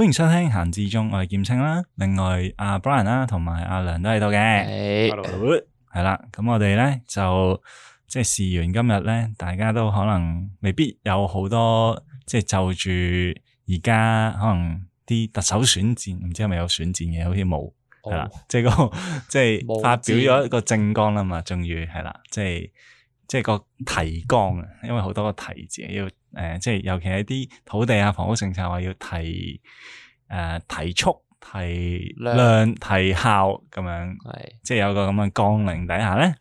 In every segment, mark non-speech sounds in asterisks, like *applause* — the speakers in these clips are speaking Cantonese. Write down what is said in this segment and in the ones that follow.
歡迎收聽閒置中，我係劍青啦。另外阿 Brian 啦，同埋阿梁都喺度嘅。Hello，Hello，Hello。係啦。咁我哋咧就即係事緣今日咧，大家都可能未必有好多，即係就住而家可能啲特首選戰，唔知係咪有選戰嘅？好似冇係啦。即係、個即係發表咗一個政綱啦嘛，終於係啦。即係即係個提綱啊，嗯、因為好多個提字要。誒、呃，即係尤其係啲土地啊、房屋政策，話要提誒、呃、提速、提量、量提效咁樣，是即係有個咁嘅綱領底下咧，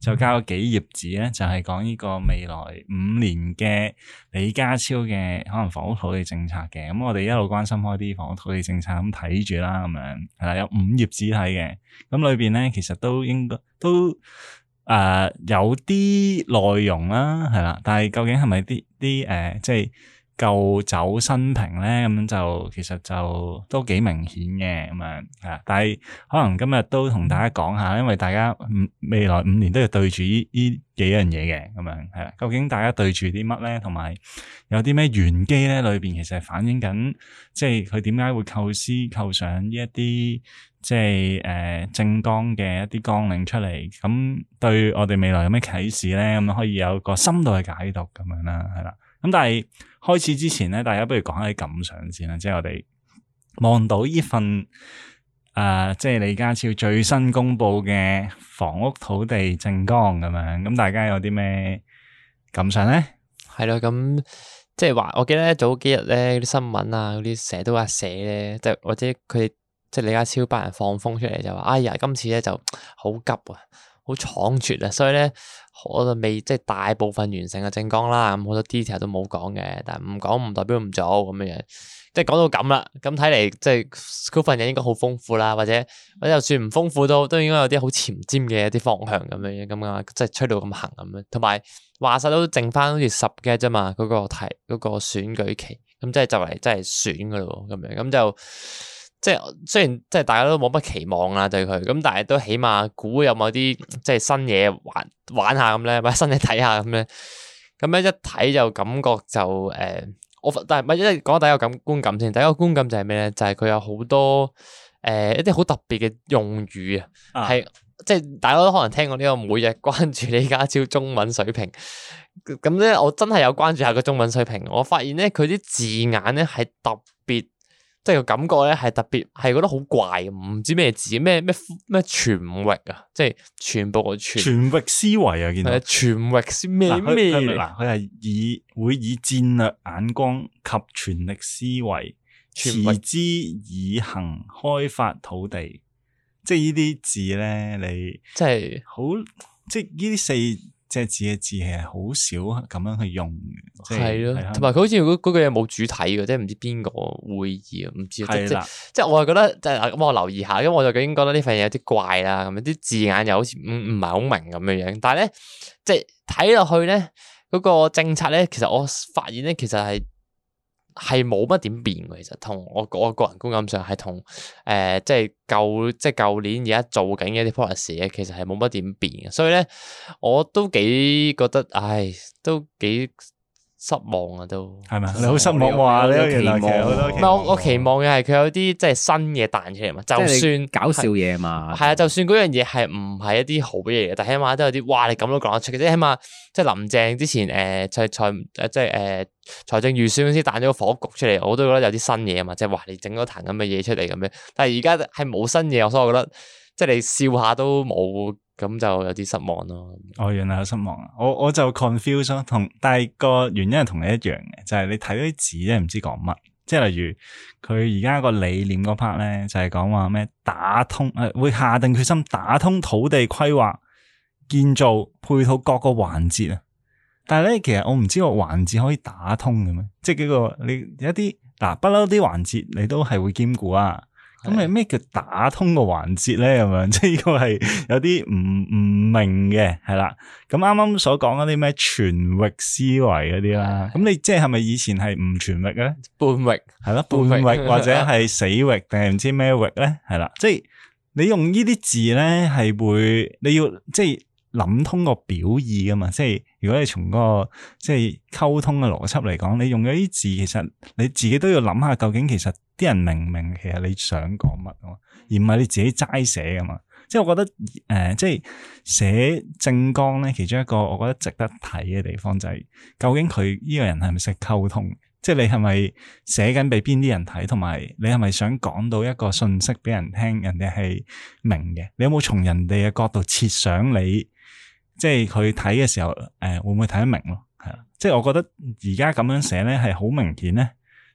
就交咗幾頁紙咧，嗯、就係講呢個未來五年嘅李家超嘅可能房屋土地政策嘅。咁、嗯嗯、我哋一路關心開啲房屋土地政策咁睇住啦，咁樣係啦，有五頁紙睇嘅，咁裏邊咧其實都應該都。誒、呃、有啲內容啦，係啦，但係究竟係咪啲啲誒，即係舊酒新瓶咧？咁樣就其實就都幾明顯嘅咁樣嚇。但係可能今日都同大家講下，因為大家未來五年都要對住呢依幾樣嘢嘅咁樣係啦。究竟大家對住啲乜咧？同埋有啲咩玄機咧？裏邊其實係反映緊，即係佢點解會構思構想呢一啲。即係誒、呃、政綱嘅一啲綱領出嚟，咁對我哋未來有咩啟示咧？咁可以有個深度嘅解讀咁樣啦，係啦。咁但係開始之前咧，大家不如講下啲感想先啦。即係我哋望到呢份誒、呃，即係李家超最新公布嘅房屋土地政綱咁樣，咁大家有啲咩感想咧？係咯，咁即係話我記得早幾日咧啲新聞啊，嗰啲成日都話寫咧，即係或者佢。即係李家超班人放風出嚟就話，哎呀，今次咧就好急啊，好倉促啊，所以咧我就未即係大部分完成嘅征綱啦，咁好多 detail 都冇講嘅，但係唔講唔代表唔做咁樣樣，即係講到咁啦，咁睇嚟即係佢份人應該好豐富啦，或者或者就算唔豐富都都應該有啲好尖尖嘅一啲方向咁樣樣咁啊，即係吹到咁行咁樣，同埋話晒都剩翻好似十嘅 a 啫嘛，嗰、那個題嗰、那個選舉期，咁即係就嚟即係選噶咯咁樣，咁就。即係雖然即係大家都冇乜期望啦、啊、對佢，咁但係都起碼估有冇啲即係新嘢玩玩下咁咧，或者新嘢睇下咁咧，咁咧一睇就感覺就誒、呃，我但係唔係一講第一個感觀感先，第一個觀感就係咩咧？就係、是、佢有好多誒、呃、一啲好特別嘅用語啊，係即係大家都可能聽過呢、這個每日關注李家超中文水平，咁咧我真係有關注下個中文水平，我發現咧佢啲字眼咧係特別。即係個感覺咧，係特別，係覺得好怪，唔知咩字，咩咩咩全域啊，即係全部個全，全域思維啊，見到。全域思咩咩？嗱，佢係以會以戰略眼光及全力思維持之以恆開發土地，即係呢啲字咧，你即係是好，即係呢啲四。即係字嘅字係好少咁樣去用，即係咯，同埋佢好似嗰句嘢冇主體嘅，即係唔知邊個會議啊，唔知啊，即係我係覺得就嗱咁，我留意下，因為我就已經覺得呢份嘢有啲怪啦，咁啲字眼又好似唔唔係好明咁樣樣，但係咧，即係睇落去咧嗰個政策咧，其實我發現咧，其實係。係冇乜點變嘅，其實同我我，我個人觀感上係同誒，即係舊即係舊年而家做緊嘅啲 policy r 其實係冇乜點變，所以咧我都幾覺得，唉，都幾。失望啊，都係咪你好失望啊！你多期望唔係我，我期望嘅係佢有啲即係新嘢彈出嚟嘛就？就算搞笑嘢嘛，係啊！就算嗰樣嘢係唔係一啲好嘢嚟，但起碼都有啲，哇！你咁都講得出嘅，即係起碼即係林鄭之前，誒財財即係誒財政預算公司彈咗個火局出嚟，我都覺得有啲新嘢嘛，即係哇！你整咗壇咁嘅嘢出嚟咁樣，但係而家係冇新嘢，所以我覺得即係你笑下都冇。咁就有啲失望咯。哦，原來有失望啊！我我就 confuse 咯，同，但係個原因係同你一樣嘅，就係、是、你睇啲字咧唔知講乜。即係例如佢而家個理念嗰 part 咧，就係講話咩打通誒、呃，會下定決心打通土地規劃、建造、配套各個環節啊。但係咧，其實我唔知個環節可以打通嘅咩？即係呢個你一啲嗱，不嬲啲環節你都係會兼顧啊。咁你咩叫打通個環節咧？咁樣即係呢個係有啲唔唔明嘅，係啦。咁啱啱所講嗰啲咩全域思維嗰啲啦，咁的你即係係咪以前係唔全域嘅咧域？半域係咯，半域或者係死域定係唔知咩域咧？係啦，即係 *laughs* *laughs* 你用呢啲字咧，係會你要即係。就是諗通個表意㗎嘛，即係如果你從個即係溝通嘅邏輯嚟講，你用咗啲字，其實你自己都要諗下究竟其實啲人明唔明？其實你想講乜㗎嘛？而唔係你自己齋寫㗎嘛。即係我覺得誒、呃，即係寫政綱咧，其中一個我覺得值得睇嘅地方就係、是，究竟佢呢個人係咪識溝通？即係你係咪寫緊俾邊啲人睇？同埋你係咪想講到一個信息俾人聽？人哋係明嘅？你有冇從人哋嘅角度設想你？即係佢睇嘅時候，誒、呃、會唔會睇得明咯？係啦，即係我覺得而家咁樣寫咧，係好明顯咧，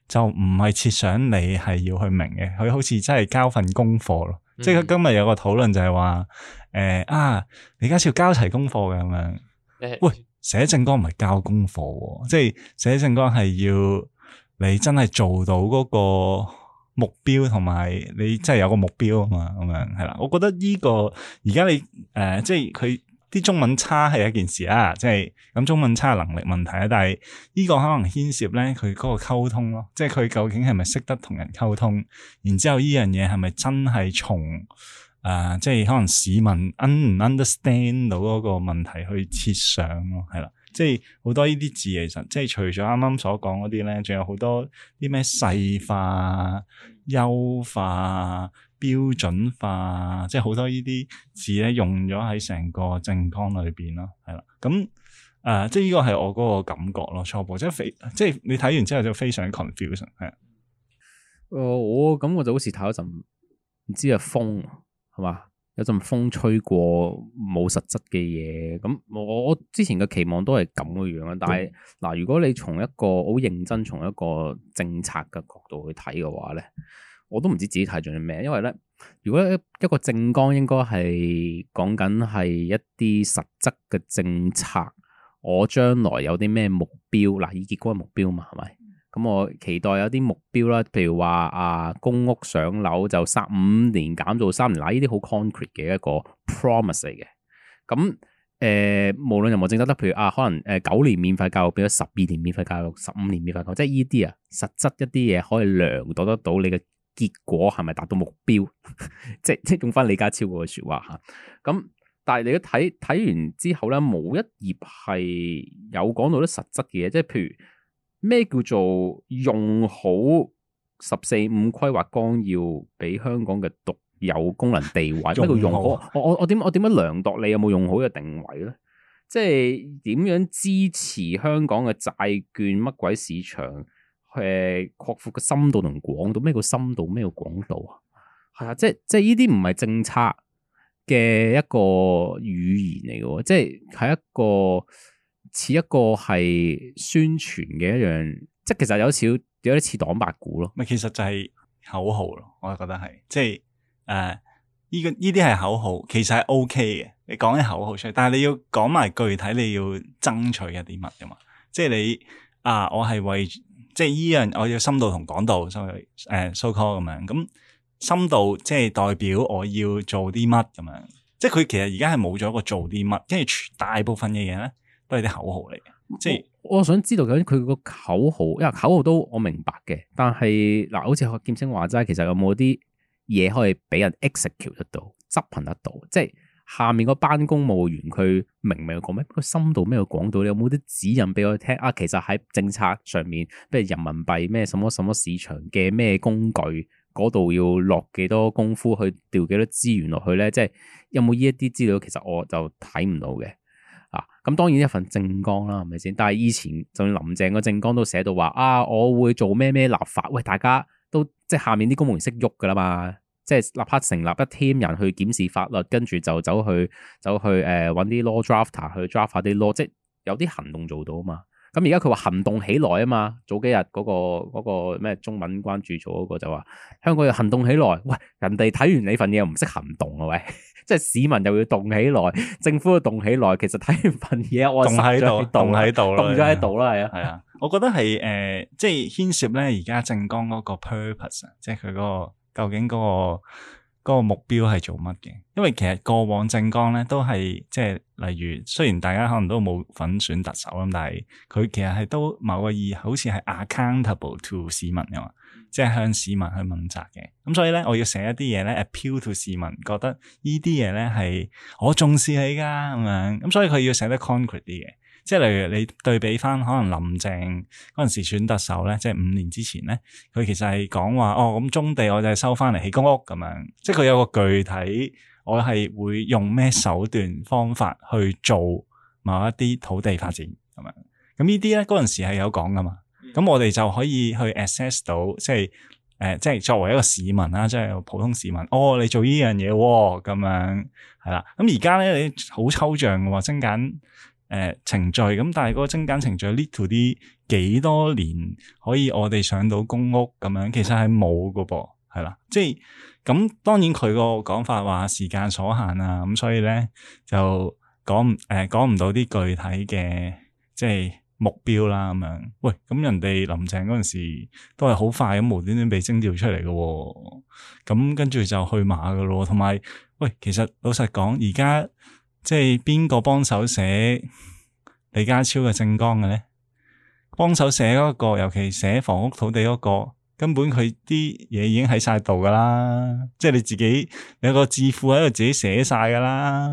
就唔係設想你係要去明嘅。佢好似真係交份功課咯。嗯、即係今日有個討論就係話，誒、呃、啊，李家超交齊功課嘅咁樣。嗯、喂，寫政綱唔係交功課，即係寫政綱係要你真係做到嗰個目標，同埋你真係有個目標啊嘛。咁樣係啦，我覺得呢、這個而家你誒、呃，即係佢。啲中文差係一件事啊，即係咁，中文差係能力問題啊，但係呢個可能牽涉咧佢嗰個溝通咯，即係佢究竟係咪識得同人溝通？然之後呢樣嘢係咪真係從啊即係可能市民 un understand 到嗰個問題去設想咯，係啦，即係好多呢啲字其實即係除咗啱啱所講嗰啲咧，仲有好多啲咩細化、優化、標準化，即係好多呢啲字咧用咗喺成個政綱裏邊咯，係啦。咁、嗯、誒、呃，即係呢個係我嗰個感覺咯，初步即係非，即係你睇完之後就非常 confusion 係。誒、呃，我咁我就好似睇一陣唔知嘅風，係嘛？有陣風吹過，冇實質嘅嘢。咁我之前嘅期望都係咁嘅樣啊。但係嗱、嗯呃，如果你從一個好認真，從一個政策嘅角度去睇嘅話咧。我都唔知自己睇中啲咩，因為咧，如果一個政綱應該係講緊係一啲實質嘅政策，我將來有啲咩目標，嗱，以結果為目標嘛，係咪？咁我期待有啲目標啦，譬如話啊，公屋上樓就三五年減到三年，嗱，呢啲好 concrete 嘅一個 promise 嘅。咁誒、呃，無論任何政策得，譬如啊，可能誒九年免費教育變咗十二年免費教育，十五年免費教，教育，即係呢啲啊，實質一啲嘢可以量度得到你嘅。結果係咪達到目標？即係即係用翻李家超嗰個說話吓，咁但係你去睇睇完之後咧，冇一頁係有講到啲實質嘅嘢，即係譬如咩叫做用好十四五規劃綱要俾香港嘅獨有功能地位，咩叫用好我我我點我點樣量度你有冇用好嘅定位咧？即係點樣支持香港嘅債券乜鬼市場？誒，擴闊嘅深度同廣度，咩叫深度，咩叫廣度啊？係啊，即係即係呢啲唔係政策嘅一個語言嚟嘅，即係係一個似一個係宣傳嘅一樣，即係其實有少少似黨八股咯。咪其實就係口號咯，我係覺得係，即係誒呢個呢啲係口號，其實係 O K 嘅，你講啲口號出嚟，但係你要講埋具體，你要爭取一啲乜嘅嘛？即係你啊，我係為。即係依樣，我要深度同廣度，所以誒、uh, so call 咁樣。咁深度即係代表我要做啲乜咁樣。即係佢其實而家係冇咗個做啲乜，跟住大部分嘅嘢咧都係啲口號嚟嘅。即係我，我想知道究竟佢個口號，因為口號都我明白嘅。但係嗱，好似何劍星話齋，其實有冇啲嘢可以俾人 execute 得到，執行得到？即係。下面嗰班公務員佢明明講咩，佢深度咩廣度？你有冇啲指引俾我聽啊？其實喺政策上面，譬如人民幣咩、什麼什麼市場嘅咩工具嗰度要落幾多功夫去調幾多資源落去咧？即係有冇呢一啲資料？其實我就睇唔到嘅啊。咁當然一份政綱啦，係咪先？但係以前就算林鄭個政綱都寫到話啊，我會做咩咩立法？喂，大家都即係下面啲公務員識喐噶啦嘛。即係立刻成立一 team 人去檢視法律，跟住就走去走去誒揾啲 law drafter 去 draft 下啲 law，即係有啲行動做到啊嘛。咁而家佢話行動起來啊嘛。早幾日嗰、嗰個咩、嗰個、中文關注咗個就話香港要行動起來。喂，人哋睇完你份嘢又唔識行動啊喂！即係市民又要動起來，政府要動起來。其實睇完份嘢我實在喺度動喺度，動咗喺度啦，係啊，係啊、嗯。我覺得係誒，即、呃、係、就係、牽涉咧而家政綱嗰個 purpose 即係佢嗰個。究竟嗰、嗰個嗰個目標係做乜嘅？因為其實過往政綱咧都係即係例如，雖然大家可能都冇份選特首，啦，但係佢其實係都某個意，好似係 accountable to 市民嘅嘛，即係向市民去問責嘅。咁、嗯、所以咧，我要寫一啲嘢咧 appeal to 市民，覺得呢啲嘢咧係我重視你噶咁樣。咁、嗯、所以佢要寫得 concrete 啲嘅。即係例如你對比翻可能林鄭嗰陣時選特首咧，即係五年之前咧，佢其實係講話哦，咁中地我就係收翻嚟起公屋咁樣，即係佢有個具體，我係會用咩手段方法去做某一啲土地發展咁樣。咁呢啲咧嗰陣時係有講㗎嘛。咁我哋就可以去 assess 到，即係誒、呃，即係作為一個市民啦，即係普通市民，哦，你做、哦、樣呢樣嘢咁樣係啦。咁而家咧你好抽象嘅喎，升緊。誒、呃、程序咁，但係嗰個精簡程序 lead to 啲幾多年可以我哋上到公屋咁樣，其實係冇個噃，係啦、嗯，即係咁。當然佢個講法話時間所限啊，咁所以咧就講唔誒講唔到啲具體嘅即係目標啦咁樣。喂，咁、嗯、人哋林鄭嗰陣時都係好快咁無端端被徵調出嚟嘅喎，咁跟住就去馬㗎咯，同埋喂，其實老實講而家。即係邊個幫手寫李家超嘅政綱嘅咧？幫手寫嗰個，尤其寫房屋土地嗰、那個，根本佢啲嘢已經喺晒度噶啦。即係你自己你有個智庫喺度自己寫晒噶啦，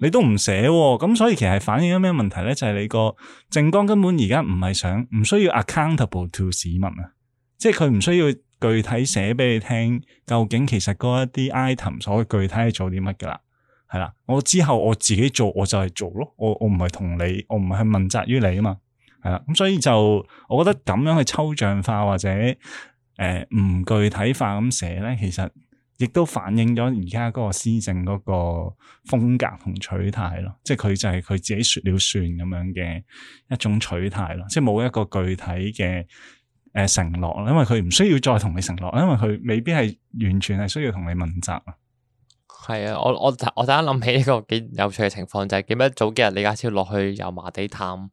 你都唔寫、哦。咁所以其實反映咗咩問題咧？就係、是、你個政綱根本而家唔係想，唔需要 accountable to 市民啊。即係佢唔需要具體寫俾你聽，究竟其實嗰一啲 item 所謂具體係做啲乜噶啦。係啦，我之後我自己做，我就係做咯。我我唔係同你，我唔係去問責於你啊嘛。係啦，咁所以就我覺得咁樣去抽象化或者誒唔、呃、具體化咁寫咧，其實亦都反映咗而家嗰個施政嗰個風格同取態咯。即係佢就係佢自己說了算咁樣嘅一種取態咯，即係冇一個具體嘅誒、呃、承諾。因為佢唔需要再同你承諾，因為佢未必係完全係需要同你問責。係啊，我我，我突然間諗起一個幾有趣嘅情況，就係記唔記得早幾日李家超落去油麻地探，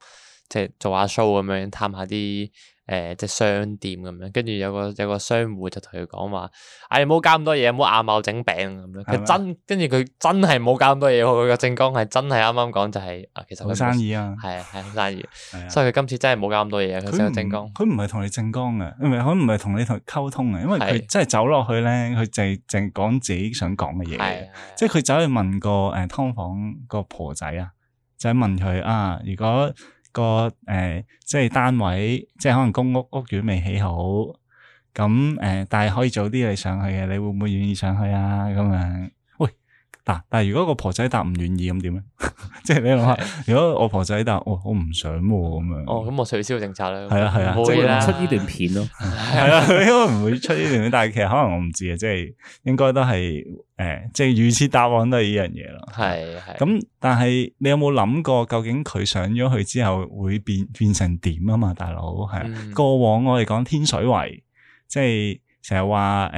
即係做下 show 咁樣，探下啲。誒，即係、uh, 商店咁樣，跟住有個有個商戶就同佢講話：，唉、哎，冇搞咁多嘢，冇阿茂整餅咁樣。佢真吧跟住佢真係冇搞咁多嘢，佢個政綱係真係啱啱講就係，其實冇生意啊。係啊，係冇生意。啊、所以佢今次真係冇搞咁多嘢啊。佢政綱，佢唔係同你政綱啊，唔係佢唔係同你同溝通啊。因為佢真係走落去咧，佢淨淨講自己想講嘅嘢、啊啊啊。即係佢走去問個誒劏房個婆仔、就是、啊，就問佢啊，如果 S。個誒、呃，即係單位，即係可能公屋屋苑未起好，咁誒、呃，但係可以早啲嚟上去嘅，你會唔會願意上去啊？咁樣。啊，但係如果個婆仔答唔願意咁點咧？即係 *laughs* 你諗下，的如果我婆仔答我我唔想咁樣，哦，咁我取消政策咧。係啊，係啊，唔出呢段片咯，係啊，佢應該唔會出呢段片，但係其實可能我唔知啊，即係應該都係誒，即係預設答案都係呢樣嘢咯。係係的。咁但係你有冇諗過，究竟佢上咗去之後會變變成點啊嘛？大佬係啊，過往我哋講天水圍，即係。成日話誒，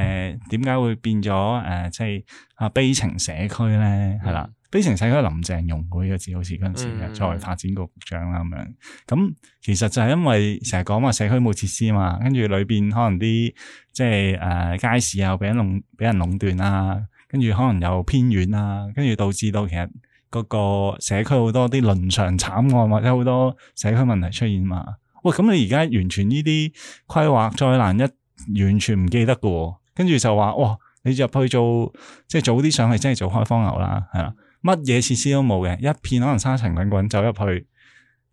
點解、呃、會變咗誒、呃，即係啊悲情社區咧，係啦，悲情社區、嗯、了林鄭用過呢個字，好似嗰陣時嘅作為發展局長啦咁樣。咁其實就係因為成日講話社區冇設施嘛，跟住裏邊可能啲即係誒街市又俾人壟俾人壟斷啦，跟住可能又偏遠啊，跟住導致到其實嗰個社區好多啲倫常慘案或者好多社區問題出現嘛。喂，咁你而家完全呢啲規劃再難一？完全唔記得嘅，跟住就話哇，你入去做，即係早啲上去，真係做開荒牛啦，係啦，乜嘢設施都冇嘅，一片可能沙塵滾滾走入去，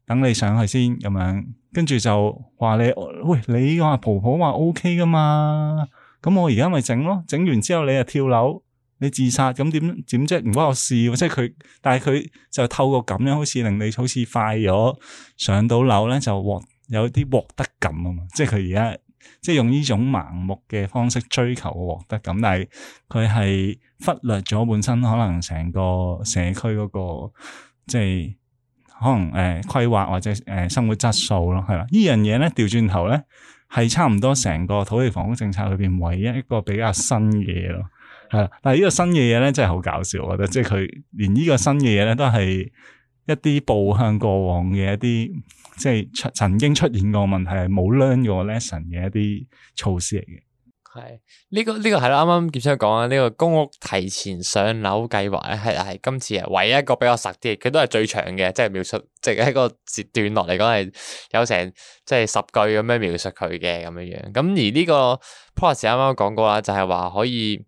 等你上去先咁樣，跟住就話你，喂，你話婆婆話 O K 噶嘛？咁我而家咪整咯，整完之後你又跳樓，你自殺，咁點點啫？唔關我事。即係佢，但係佢就透過咁樣，好似令你好似快咗上到樓咧，就獲有啲獲得感啊嘛，即係佢而家。即係用呢種盲目嘅方式追求獲得感，但係佢係忽略咗本身可能成個社區嗰、個即係可能誒規劃或者誒、呃、生活質素咯，係啦。呢樣嘢咧調轉頭咧係差唔多成個土地房屋政策裏邊唯一一個比較新嘅嘢咯，係啦。但係呢個新嘅嘢咧真係好搞笑，我覺得即係佢連呢個新嘅嘢咧都係一啲步向過往嘅一啲。即係曾曾經出現過問題，係冇 learn 過 lesson 嘅一啲措施嚟嘅。係呢個呢個係啦，啱啱劍生講啊，呢個公屋提前上樓計劃咧，係係今次唯一一個比較實啲嘅。佢都係最長嘅，即係描述，即係一個截段落嚟講係有成即係十句咁樣描述佢嘅咁樣樣，咁而呢個 plus 啱啱講過啦，就係話可以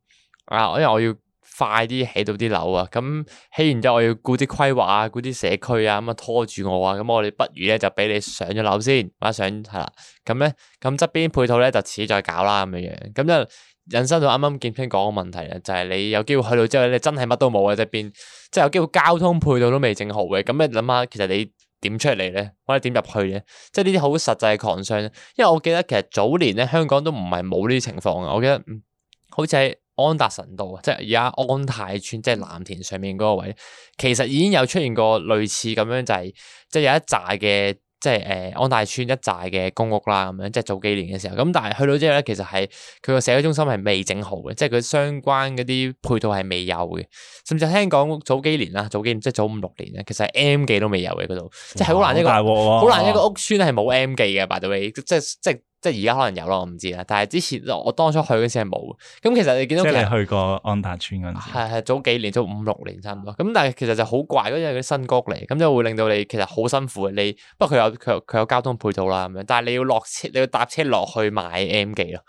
啊，因為我要。快啲起到啲樓啊！咁、嗯、起完之後我要顧啲規劃啊，顧啲社區啊，咁啊拖住我啊！咁我哋不如咧就俾你上咗樓先，馬上係啦。咁咧，咁側邊配套咧就遲啲再搞啦，咁樣樣。咁就引申到啱啱劍兄講嘅問題咧，就係、是、你有機會去到之後咧，你真係乜都冇嘅，側邊，即係有機會交通配套都未整好嘅。咁你諗下，其實你點出嚟咧？或者點入去咧？即係呢啲好實際嘅 concern。因為我記得其實早年咧，香港都唔係冇呢啲情況啊。我記得、嗯、好似係。安達臣道啊，即係而家安泰村，即係藍田上面嗰個位，其實已經有出現過類似咁樣，就係即係有一寨嘅，即係誒安泰村一寨嘅公屋啦，咁樣即係早幾年嘅時候，咁但係去到之後咧，其實係佢個社區中心係未整好嘅，即係佢相關嗰啲配套係未有嘅，甚至聽講早幾年啦，早幾即係早五六年咧，其實 M 記都未有嘅嗰度，即係好難一個好難一個屋村係冇 M 記嘅，by the way 即係即係。即係而家可能有咯，我唔知啦。但係之前我當初去嗰時係冇。咁其實你見到即係你去過安達村嗰陣，係係早幾年，早五六年差唔多。咁但係其實就好怪，嗰陣嗰啲新谷嚟，咁就會令到你其實好辛苦。你不過佢有佢有佢有，有交通配套啦咁樣。但係你要落車，你要搭車落去買 M 記咯。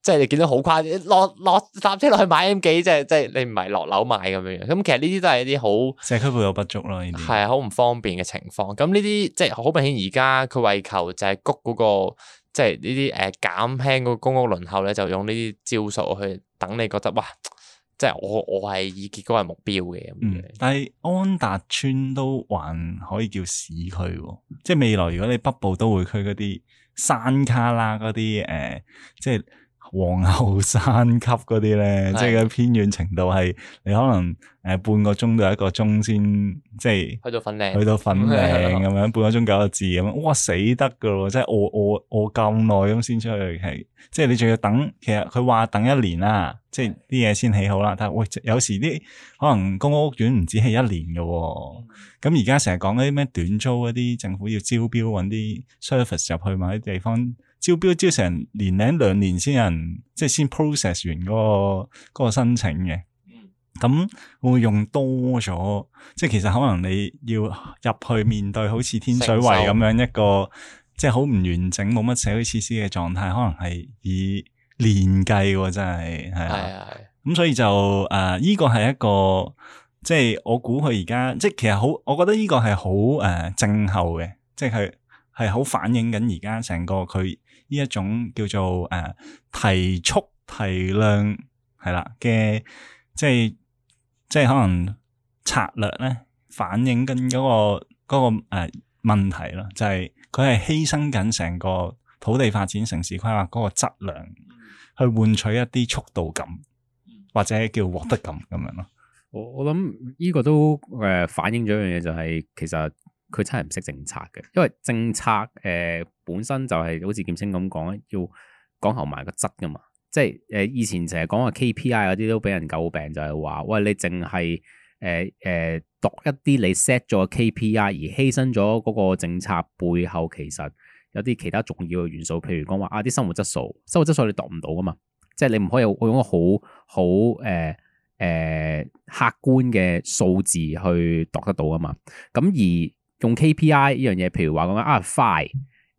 即係你見到好誇張，落落搭車落去買 M 記，啊，即係即係你唔係落樓買咁樣樣。咁其實呢啲都係一啲好社區配套不足咯。係啊，好唔方便嘅情況。咁呢啲即係好明顯，而家佢為求就係谷嗰、嗰個。即係呢啲誒減輕個公屋輪候咧，就用呢啲招數去等你覺得哇！即係我我係以結果為目標嘅、嗯。但係安達邨都還可以叫市區喎、啊，即係未來如果你北部都會區嗰啲山卡拉嗰啲誒，即係。皇后山級嗰啲咧，的即係嗰偏遠程度係，你可能誒半個鐘到一個鐘先，即係去到粉嶺，去到粉嶺咁樣半個鐘九個字咁，哇死得噶咯，即係我我我咁耐咁先出去係，即係你仲要等。其實佢話等一年啦，的即係啲嘢先起好啦。但係喂，有時啲可能公屋屋苑唔止係一年噶、哦，咁而家成日講嗰啲咩短租嗰啲，政府要招標搵啲 service 入去埋啲地方。招標招成年零兩年先人，即係先 process 完嗰個嗰個申請嘅。咁會用多咗，即係其實可能你要入去面對好似天水圍咁樣一個，即係好唔完整、冇乜社會設施嘅狀態，可能係以年計，真係係啊。咁所以就誒，呢個係一個，即係我估佢而家，即係其實好，我覺得呢個係好誒滯後嘅，即係係好反映緊而家成個佢。呢一種叫做誒、呃、提速提量係啦、嘅，即係即係可能策略咧，反映緊嗰、那個嗰、那個誒、呃、問題咯，就係佢係犧牲緊成個土地發展城市規劃嗰個質量，去換取一啲速度感或者叫獲得感咁樣咯。我我諗呢個都誒、呃、反映咗一樣嘢，就是，就係其實佢真係唔識政策嘅，因為政策誒。呃本身就係好似劍青咁講咧，要講後埋個質噶嘛，即係誒、呃、以前成日講話 KPI 嗰啲都俾人詬病，就係、是、話喂，你淨係誒誒度一啲你 set 咗 KPI，而犧牲咗嗰個政策背後其實有啲其他重要嘅元素，譬如講話啊啲、啊、生活質素，生活質素你度唔到噶嘛，即係你唔可以用一個好好誒誒客觀嘅數字去度得到噶嘛。咁而用 KPI 呢樣嘢，譬如話講啊快。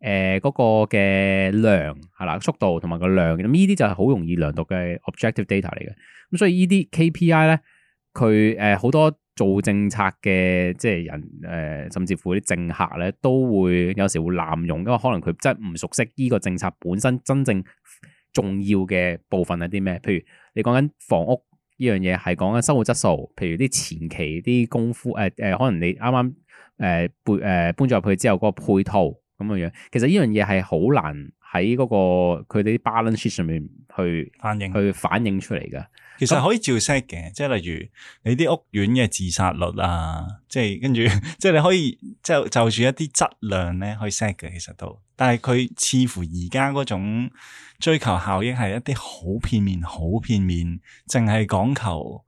誒嗰、呃那個嘅量係啦，速度同埋個量，咁呢啲就係好容易量度嘅 objective data 嚟嘅。咁、嗯、所以呢啲 KPI 咧，佢誒好多做政策嘅即係人誒、呃，甚至乎啲政客咧都會有時會濫用，因為可能佢真係唔熟悉呢個政策本身真正重要嘅部分係啲咩。譬如你講緊房屋呢樣嘢，係講緊生活質素，譬如啲前期啲功夫誒誒、呃呃，可能你啱啱誒搬誒搬咗入去之後嗰個配套。咁嘅樣，其實呢樣嘢係好難喺嗰、嗰個佢哋啲 balance sheet 上面去反映應、去反映出嚟嘅。其實可以照 set 嘅，即係那例如你啲屋苑嘅自殺率啊，即係跟住，即係你可以即係就住一啲質量咧，去 set 嘅，其實都。但係佢似乎而家嗰種追求效益係一啲好片面、好片面，淨係講求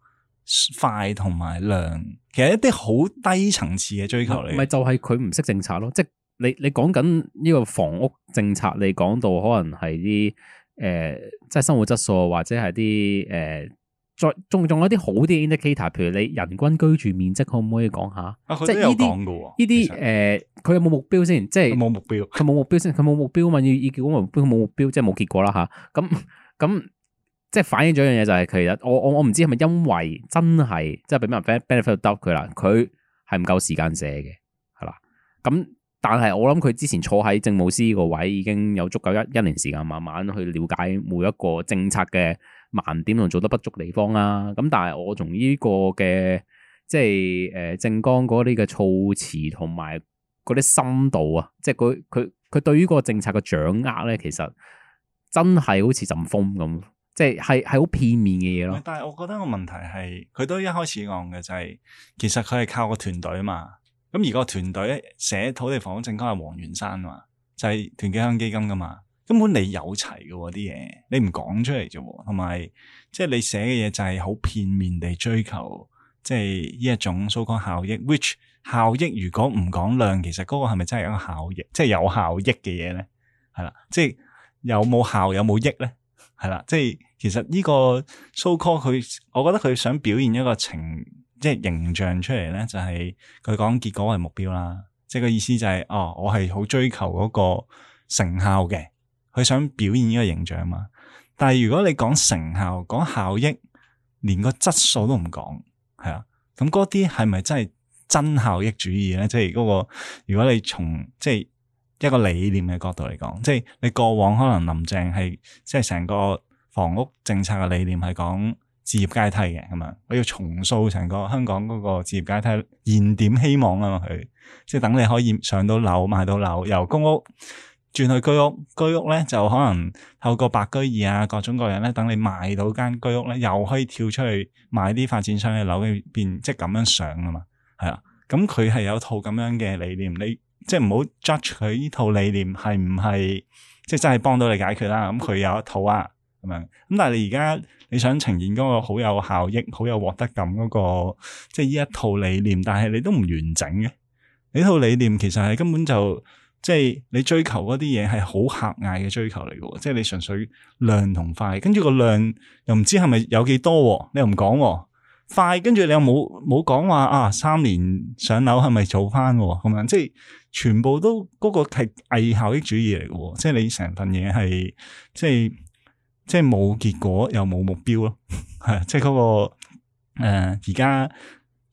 快同埋量，其實一啲好低層次嘅追求嚟。咪就係佢唔識政策咯，即你你講緊呢個房屋政策，你講到可能係啲誒，即係生活質素，或者係啲誒，再仲仲有啲好啲 indicator，譬如你人均居住面積，可唔可以講下？即佢都其實，呃、有講噶，呢啲誒，佢有冇目標先？即係冇目標，佢冇目標先，佢冇目標嘛，要要叫冇目標，冇目標，目標，目標即係冇結果啦吓。咁、啊、咁即係反映咗一樣嘢，就是，就係其實我我我唔知係咪因為真係即係俾乜人 benefit 得佢啦，佢係唔夠時間寫嘅，係啦咁。但係我諗佢之前坐喺政務司呢個位已經有足夠一一年時間，慢慢去了解每一個政策嘅盲點同做得不足地方啦。咁但係我從呢個嘅即係誒，政綱嗰啲嘅措辭同埋嗰啲深度啊，即係佢佢佢對於個政策嘅掌握咧，其實真係好似陣風咁，即係係係好片面嘅嘢咯。但係我覺得個問題係，佢都一開始講嘅就係、是，其實佢係靠個團隊嘛。咁而個團隊寫土地房屋政綱係黃元山嘛，就係團結香港基金噶嘛，根本你有齊嘅喎啲嘢，你唔講出嚟啫，同埋即係你寫嘅嘢就係好片面地追求即係呢一種 so call 效益，which 效益如果唔講量，其實嗰個係咪真係一個效益，即係有效益嘅嘢咧？係啦，即係有冇效有冇益咧？係啦，即係其實呢個 so call 佢，我覺得佢想表現一個情。即係形象出嚟咧，就係佢講結果為目標啦。即係個意思就係哦，我係好追求嗰個成效嘅，佢想表現呢個形象嘛。但係如果你講成效、講效益，連個質素都唔講，係啊。咁嗰啲係咪真係真效益主義咧？即係嗰個，如果你從即係一個理念嘅角度嚟講，即係你過往可能林鄭係即係成個房屋政策嘅理念係講。置業階梯嘅，咁啊，我要重塑成個香港嗰個置業階梯燃點希望啊嘛，佢即係等你可以上到樓，買到樓，由公屋轉去居屋，居屋咧就可能透過白居二啊，各種各樣咧，等你賣到間居屋咧，又可以跳出去買啲發展商嘅樓，變即係咁樣上啊嘛，係啊，咁佢係有套咁樣嘅理念，你即係唔好 judge 佢呢套理念係唔係即係真係幫到你解決啦，咁佢有一套啊。咁樣，咁但係你而家你想呈現嗰個好有效益、好有獲得感嗰個，即係呢一套理念，但係你都唔完整嘅。呢套理念其實係根本就，即係你追求嗰啲嘢係好狹隘嘅追求嚟嘅，即係你純粹量同快，跟住個量又唔知係咪有幾多，你又唔講，快跟住你又冇冇講話啊三年上樓係咪做返，咁樣即係全部都嗰個係偽效益主義嚟嘅，即係你成份嘢係即係。即係即係冇結果又冇目標咯，吓！ *laughs* 即係嗰、那個誒，而家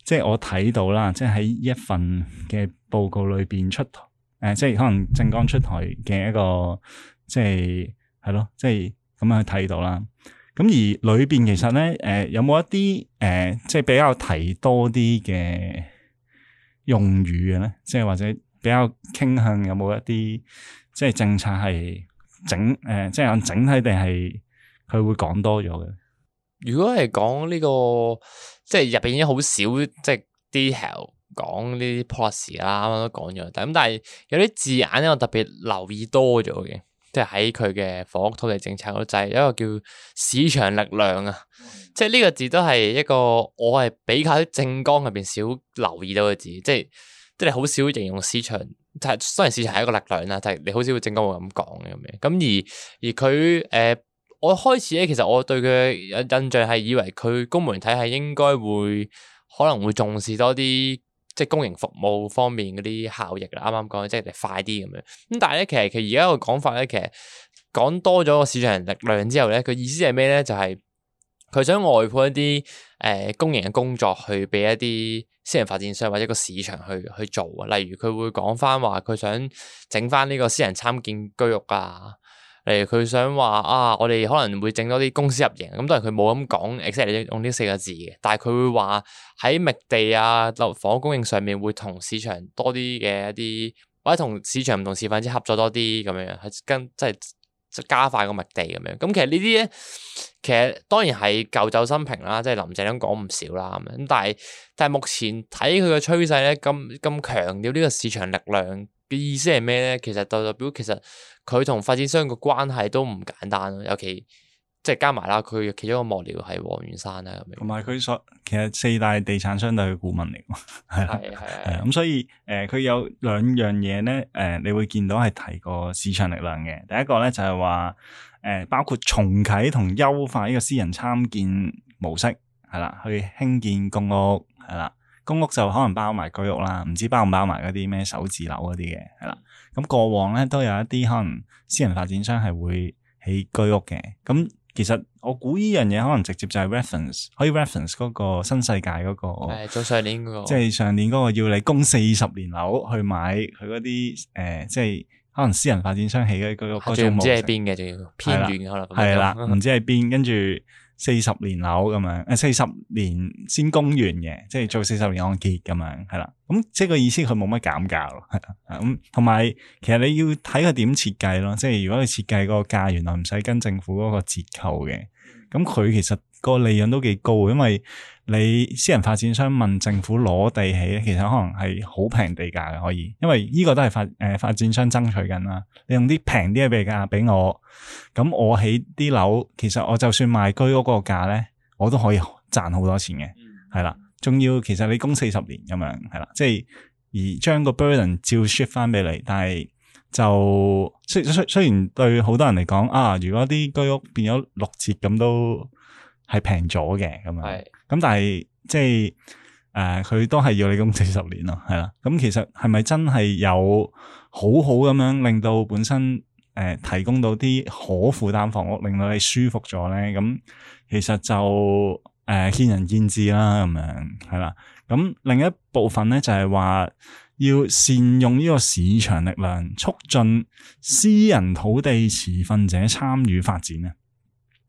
即係我睇到啦，即係喺一份嘅報告裏邊出台，誒、呃，即係可能政綱出台嘅一個，即係係咯，即係咁樣去睇到啦。咁而裏邊其實咧，誒、呃，有冇一啲誒、呃，即係比較提多啲嘅用語嘅咧？即係或者比較傾向有冇一啲，即係政策係？整誒，即、呃、係整體定係佢會講多咗嘅。如果係講呢個，即係入邊已經好少，即係 detail 講呢啲 policy 啦。啱啱都講咗，但咁但係有啲字眼咧，我特別留意多咗嘅。即係喺佢嘅房屋土地政策嗰度，有、就係、一個叫市場力量啊。即係呢個字都係一個我係比較喺政綱入邊少留意到嘅字，即係即係好少形容市場。就雖然市場係一個力量啦，就係、是、你好少會正經會咁講嘅咁樣。咁而而佢誒、呃，我開始咧，其實我對佢印象係以為佢公務員體系應該會可能會重視多啲，即係公營服務方面嗰啲效益啦。啱啱講即係你快啲咁樣。咁但係咧，其實佢而家個講法咧，其實講多咗個市場力量之後咧，佢意思係咩咧？就係、是、佢想外判一啲誒公營嘅工作去俾一啲。私人發展商或者個市場去去做啊，例如佢會講翻話佢想整翻呢個私人參建居屋啊，例如佢想話啊，我哋可能會整多啲公司入營，咁當然佢冇咁講 exactly 用呢四個字嘅，但係佢會話喺覓地啊，房屋供應上面會同市場多啲嘅一啲或者同市場唔同市場份子合作多啲咁樣樣，係跟即係。就加快個覓地咁樣，咁其實呢啲咧，其實當然係舊酒新瓶啦，即係林鄭都講唔少啦咁樣，咁但係但係目前睇佢嘅趨勢咧，咁咁強調呢個市場力量嘅意思係咩咧？其實代表其實佢同發展商嘅關係都唔簡單咯，尤其。即係加埋啦，佢其中一個幕僚係黃元山啦，同埋佢所其實四大地產商都係顧問嚟，係係係咁，所以誒，佢、呃、有兩樣嘢咧，誒、呃，你會見到係提過市場力量嘅。第一個咧就係、是、話，誒、呃，包括重啟同優化呢個私人參建模式，係啦，去興建公屋，係啦，公屋就可能包埋居屋啦，唔知包唔包埋嗰啲咩首置樓嗰啲嘅，係啦。咁、嗯嗯、過往咧都有一啲可能私人發展商係會起居屋嘅，咁、嗯。嗯其實我估依樣嘢可能直接就係 reference，可以 reference 嗰個新世界嗰個，係早上年嗰個，即係上年嗰個要你供四十年樓去買佢嗰啲誒，即係可能私人發展商起嘅嗰個嗰種模式，唔知係邊嘅，仲要偏遠可能係啦，唔知係邊，跟住。四十年樓咁樣，誒四十年先供完嘅，即係做四十年按揭咁樣，係啦。咁即係個意思，佢冇乜減價咯，係啊。咁同埋其實你要睇佢點設計咯，即係如果你設計個價原來唔使跟政府嗰個折扣嘅，咁佢其實個利潤都幾高，因為，你私人發展商問政府攞地起，其實可能係好平地價嘅，可以，因為呢個都係發誒、呃、發展商爭取緊啦。你用啲平啲嘅地價俾我，咁我起啲樓，其實我就算賣居屋嗰個價咧，我都可以賺好多錢嘅，係啦、嗯。仲要其實你供四十年咁樣，係啦，即係而將個 burden 照 shift 翻俾你，但係就雖雖雖然對好多人嚟講，啊，如果啲居屋變咗六折咁都。係平咗嘅咁樣，咁是但係即係誒，佢、呃、都係要你咁幾十年咯，係啦。咁、嗯、其實係咪真係有好好咁樣令到本身誒、呃、提供到啲可負擔房屋，令到你舒服咗咧？咁、嗯、其實就誒見仁見智啦，咁樣係啦。咁、嗯、另一部分咧，就係、是、話要善用呢個市場力量，促進私人土地持份者參與發展啊。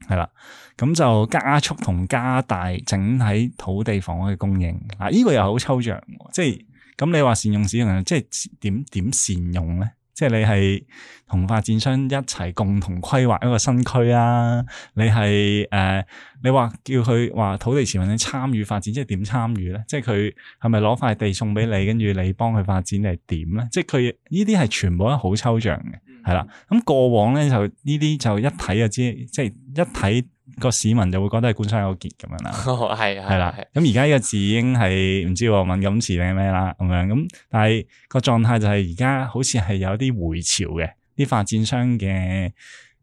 係啦，咁就加速同加大整體土地房屋嘅供應，啊，呢、這個又好抽象，即係咁你話善用市場，即係點點善用咧？即係你係同發展商一齊共同規劃一個新區啊？你係誒、呃，你話叫佢話土地市民參與發展，即係點參與咧？即係佢係咪攞塊地送俾你，跟住你幫佢發展你係點咧？即係佢呢啲係全部都好抽象嘅。係啦，咁過往咧就呢啲就一睇，就知，即係一睇個市民就會覺得係官商勾結咁樣啦。係啊、哦，係啦，咁而家呢個字已經係唔知敏感詞定咩啦咁樣。咁但係個狀態就係而家好似係有啲回潮嘅，啲發展商嘅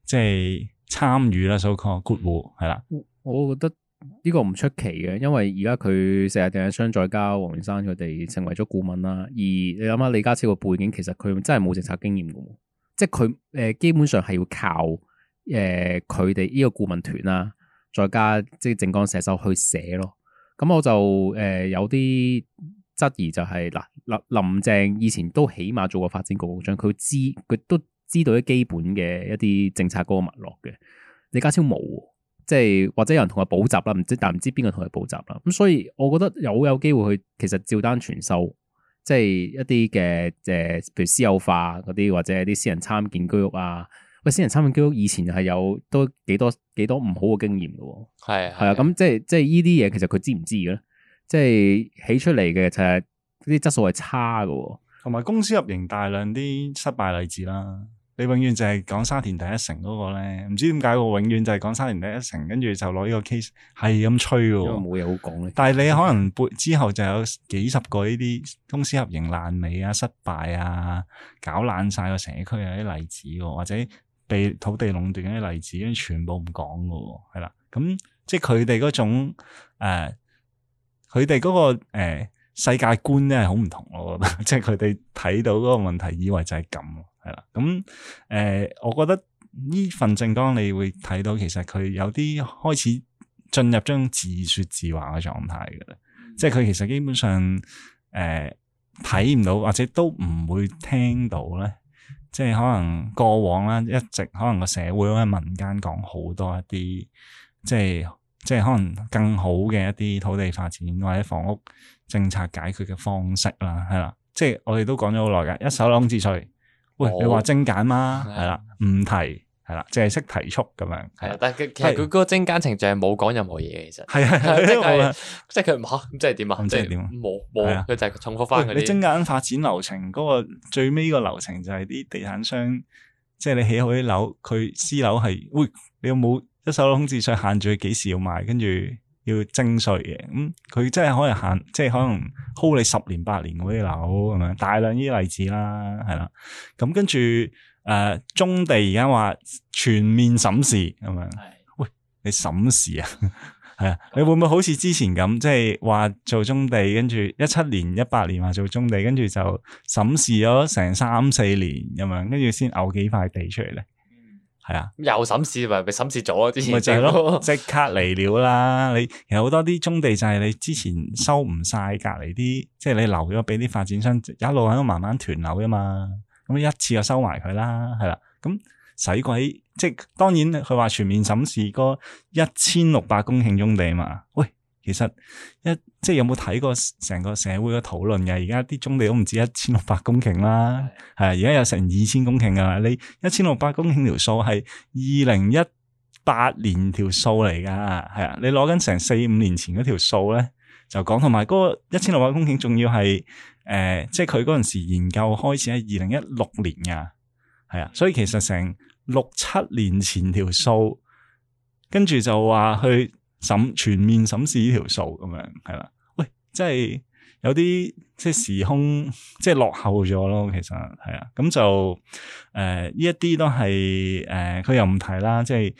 即係參與啦，so called 戶係啦。我我覺得呢個唔出奇嘅，因為而家佢成日地產商再加黃元山佢哋成為咗顧問啦。而你諗下李家超個背景，其實佢真係冇政策經驗嘅。即係佢誒，基本上係要靠誒佢哋呢個顧問團啦、啊，再加即係政綱寫手去寫咯。咁、嗯、我就誒、呃、有啲質疑就係、是、嗱，林林鄭以前都起碼做過發展局局長，佢知佢都知道啲基本嘅一啲政策嗰個脈絡嘅。李家超冇，即係或者有人同佢補習啦，唔知但唔知邊個同佢補習啦。咁、嗯、所以我覺得有有機會去，其實照單全收。即係一啲嘅誒，譬如私有化嗰啲，或者啲私人參建居屋啊。喂，私人參建居屋以前係有都多幾多幾多唔好嘅經驗㗎喎。係啊是的，係啊，咁即係即係呢啲嘢，其實佢知唔知嘅咧？即係起出嚟嘅就係、係、啲質素係差㗎喎，同埋公司入營大量啲失敗例子啦。你永遠就係講沙田第一城嗰個咧，唔知點解喎，永遠就係講沙田第一城，跟住就攞呢個 case 係咁吹喎。因為冇嘢好講嘅。但係你可能撥之後就有幾十個呢啲公司合營爛尾啊、失敗啊、搞爛晒個社區啊啲例子喎，或者被土地壟斷嘅例子，全部唔講嘅喎，係啦。咁即係佢哋嗰種、呃、佢哋嗰個、呃、世界觀咧係好唔同咯， *laughs* 我覺得，即係佢哋睇到嗰個問題，以為就係咁。係啦，咁誒、嗯、呃，我覺得呢份政綱你會睇到，其實佢有啲開始進入將自說自話嘅狀態噶啦，即係佢其實基本上誒睇唔到，或者都唔會聽到咧，即係可能過往啦，一直可能個社會或者民間講好多一啲，即係即係可能更好嘅一啲土地發展或者房屋政策解決嘅方式啦，係啦，即係我哋都講咗好耐噶，一手樓空置稅。喂，你話精簡嘛？係啦的，唔的提，係啦，淨係識提速咁樣。但係其實佢嗰個精簡程序冇講任何嘢，其實。係啊，即係是我，即係佢唔嚇，即係點啊？即係點啊？冇冇，佢就係重複翻嗰啲。你精簡發展流程嗰、那個最尾個流程就係啲地產商，即、就、係、是、你起好啲樓，佢私樓係，喂，你有冇一手樓空置稅限住佢幾時要賣，跟住？要徵稅嘅，咁佢真係可能限，即係可能 hold 你十年八年嗰啲樓咁樣，大量依啲例子啦，係啦。咁跟住誒、呃、棕地而家話全面審視咁樣，喂，你審視啊，係 *laughs* 啊，你會唔會好似之前咁，即係話做棕地，跟住一七年、一八年話做棕地，跟住就審視咗成三四年咁樣，跟住先嘔幾塊地出嚟咧？係啊，又審視咪咪審視咗之前咪就係咯，即刻嚟料啦。 *laughs* 你其實好多啲棕地就係你之前收唔晒，隔籬啲即係你留咗俾啲發展商，一路喺度慢慢囤樓啊嘛。咁一次就收埋佢啦，係啦、啊。咁使鬼，即係當然佢話全面審視嗰一千六百公頃棕地嘛。喂。其實一即係有冇睇過成個社會嘅討論噶？而家啲棕地都唔止一千六百公頃啦，係啊，而家有成二千公頃噶。你一千六百公頃條數係二零一八年條數嚟噶，係啊！你攞緊成四五年前嗰條數咧，就講同埋嗰個一千六百公頃，仲要係誒，即係佢嗰陣時研究開始喺二零一六年噶，係啊！所以其實成六七年前條數，跟住就話去。審全面審視呢條數咁樣係啦，喂，即係有啲即係時空即係落後咗咯，其實係啊，咁就誒呢一啲都係誒佢又唔提啦，即係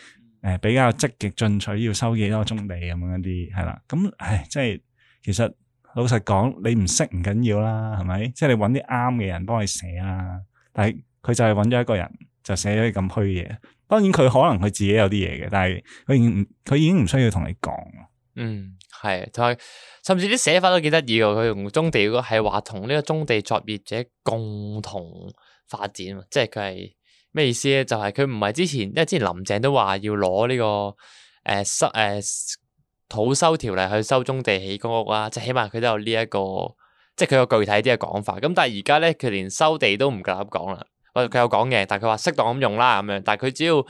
誒比較積極進取要收幾多宗地咁樣一啲係啦，咁唉即係其實老實講你唔識唔緊要啦，係咪？即係你揾啲啱嘅人幫你寫啦，但係佢就係揾咗一個人就寫咗啲咁虛嘅嘢。當然佢可能佢自己有啲嘢嘅，但係佢已唔佢已經唔需要同你講咯。嗯，係同埋甚至啲寫法都幾得意嘅。佢用中地嗰係話同呢個中地作業者共同發展，即係佢係咩意思咧？就係佢唔係之前，因為之前林鄭都話要攞呢、這個誒誒、呃呃、土收條例去收中地起公屋啊，即係起碼佢都有呢、這、一個，即係佢有具體啲嘅講法。咁但係而家咧，佢連收地都唔夠膽講啦。佢有講嘅，但係佢話適當咁用啦咁樣。但係佢只要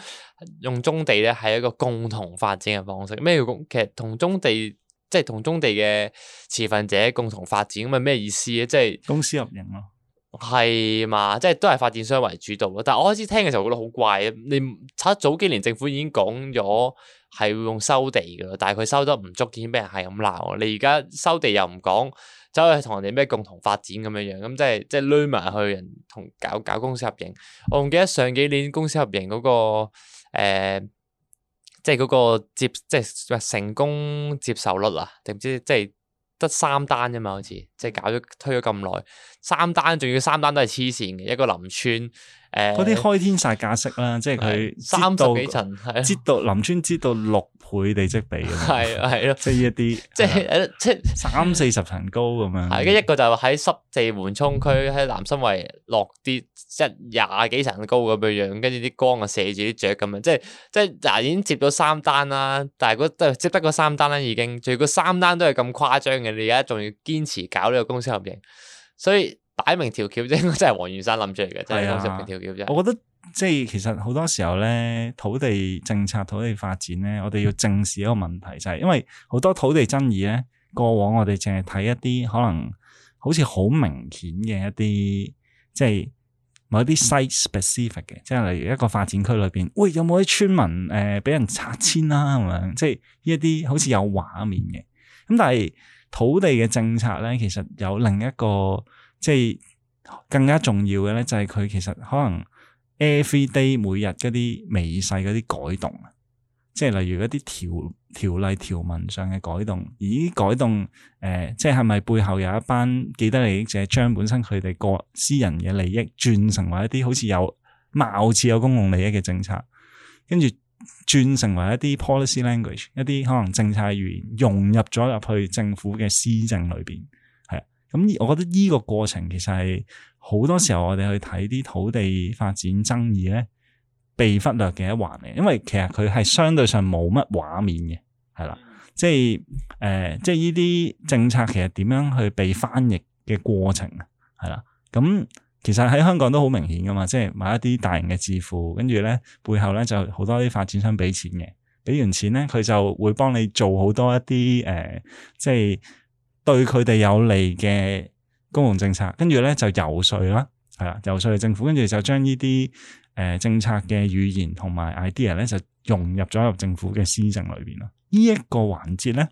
用棕地咧，係一個共同發展嘅方式。咩叫共？其實同棕地即係同棕地嘅持份者共同發展咁係咩意思咧？即係公司入營咯、啊，係嘛？即係都係發展商為主導咯。但係我開始聽嘅時候覺得好怪啊！你查早幾年政府已經講咗係會用收地噶，但係佢收得唔足，已經俾人係咁鬧。你而家收地又唔講，走去同人哋咩共同發展咁樣樣，咁即係即係累埋去人同搞搞公司合營。我唔記得上幾年公司合營嗰、誒即係嗰個接即係、即係、成功接受率啊，定唔知即係得三單啫嘛，好似即係搞咗推咗咁耐，三單仲要三單都係黐線嘅一個林村誒嗰啲開天殺價式啦，即係佢三十幾層，係啊，擠到林村擠到六倍地積比咁樣，係係咯，即係 *laughs* 一啲，即係一即係三四十層高咁樣。係跟 *laughs* 一個就喺濕地緩衝區，喺南生圍落啲一廿幾層高咁嘅樣，跟住啲光啊射住啲雀咁樣，即係即係嗱、啊、已經接咗三單啦，但係嗰都接得嗰三單啦已經，仲要三單都係咁誇張嘅，你而家仲要堅持搞呢個公私合營，所以。所以擺明條橋啫，應該真係黃元山諗出嚟嘅，真係擺明條橋啫。我覺得即係其實好多時候咧，土地政策、土地發展咧，我哋要正視一個問題，就係因為好多土地爭議咧，過往我哋淨係睇一啲可能好似好明顯嘅一啲，即係某啲 site specific 嘅，即係例如一個發展區裏邊，喂有冇啲村民誒俾人拆遷啦，咁樣，即係呢一啲好似有畫面嘅。咁但係土地嘅政策咧，其實有另一個。即係更加重要嘅咧，就係佢其實可能 every day 每日嗰啲微細嗰啲改動，即係例如一啲條條例條文上嘅改動，咦改動誒、呃，即係係咪背後有一班既得利益者將本身佢哋個私人嘅利益轉成為一啲好似有貌似有公共利益嘅政策，跟住轉成為一啲 policy language 一啲可能政策語言融入咗入去政府嘅施政裏邊。咁、嗯，我覺得依個過程其實係好多時候，我哋去睇啲土地發展爭議咧，被忽略嘅一環嚟。因為其實佢係相對上冇乜畫面嘅，係啦，即係誒、呃，即係呢啲政策其實點樣去被翻譯嘅過程，係啦。咁、嗯、其實喺香港都好明顯噶嘛，即係買一啲大型嘅智庫，跟住咧背後咧就好多啲發展商俾錢嘅，俾完錢咧佢就會幫你做好多一啲誒、呃，即係。對佢哋有利嘅公共政策，跟住咧就遊說啦，係啦，遊說政府，跟住就將呢啲誒政策嘅語言同埋 idea 咧，就融入咗入政府嘅施政裏邊啦。呢一個環節咧，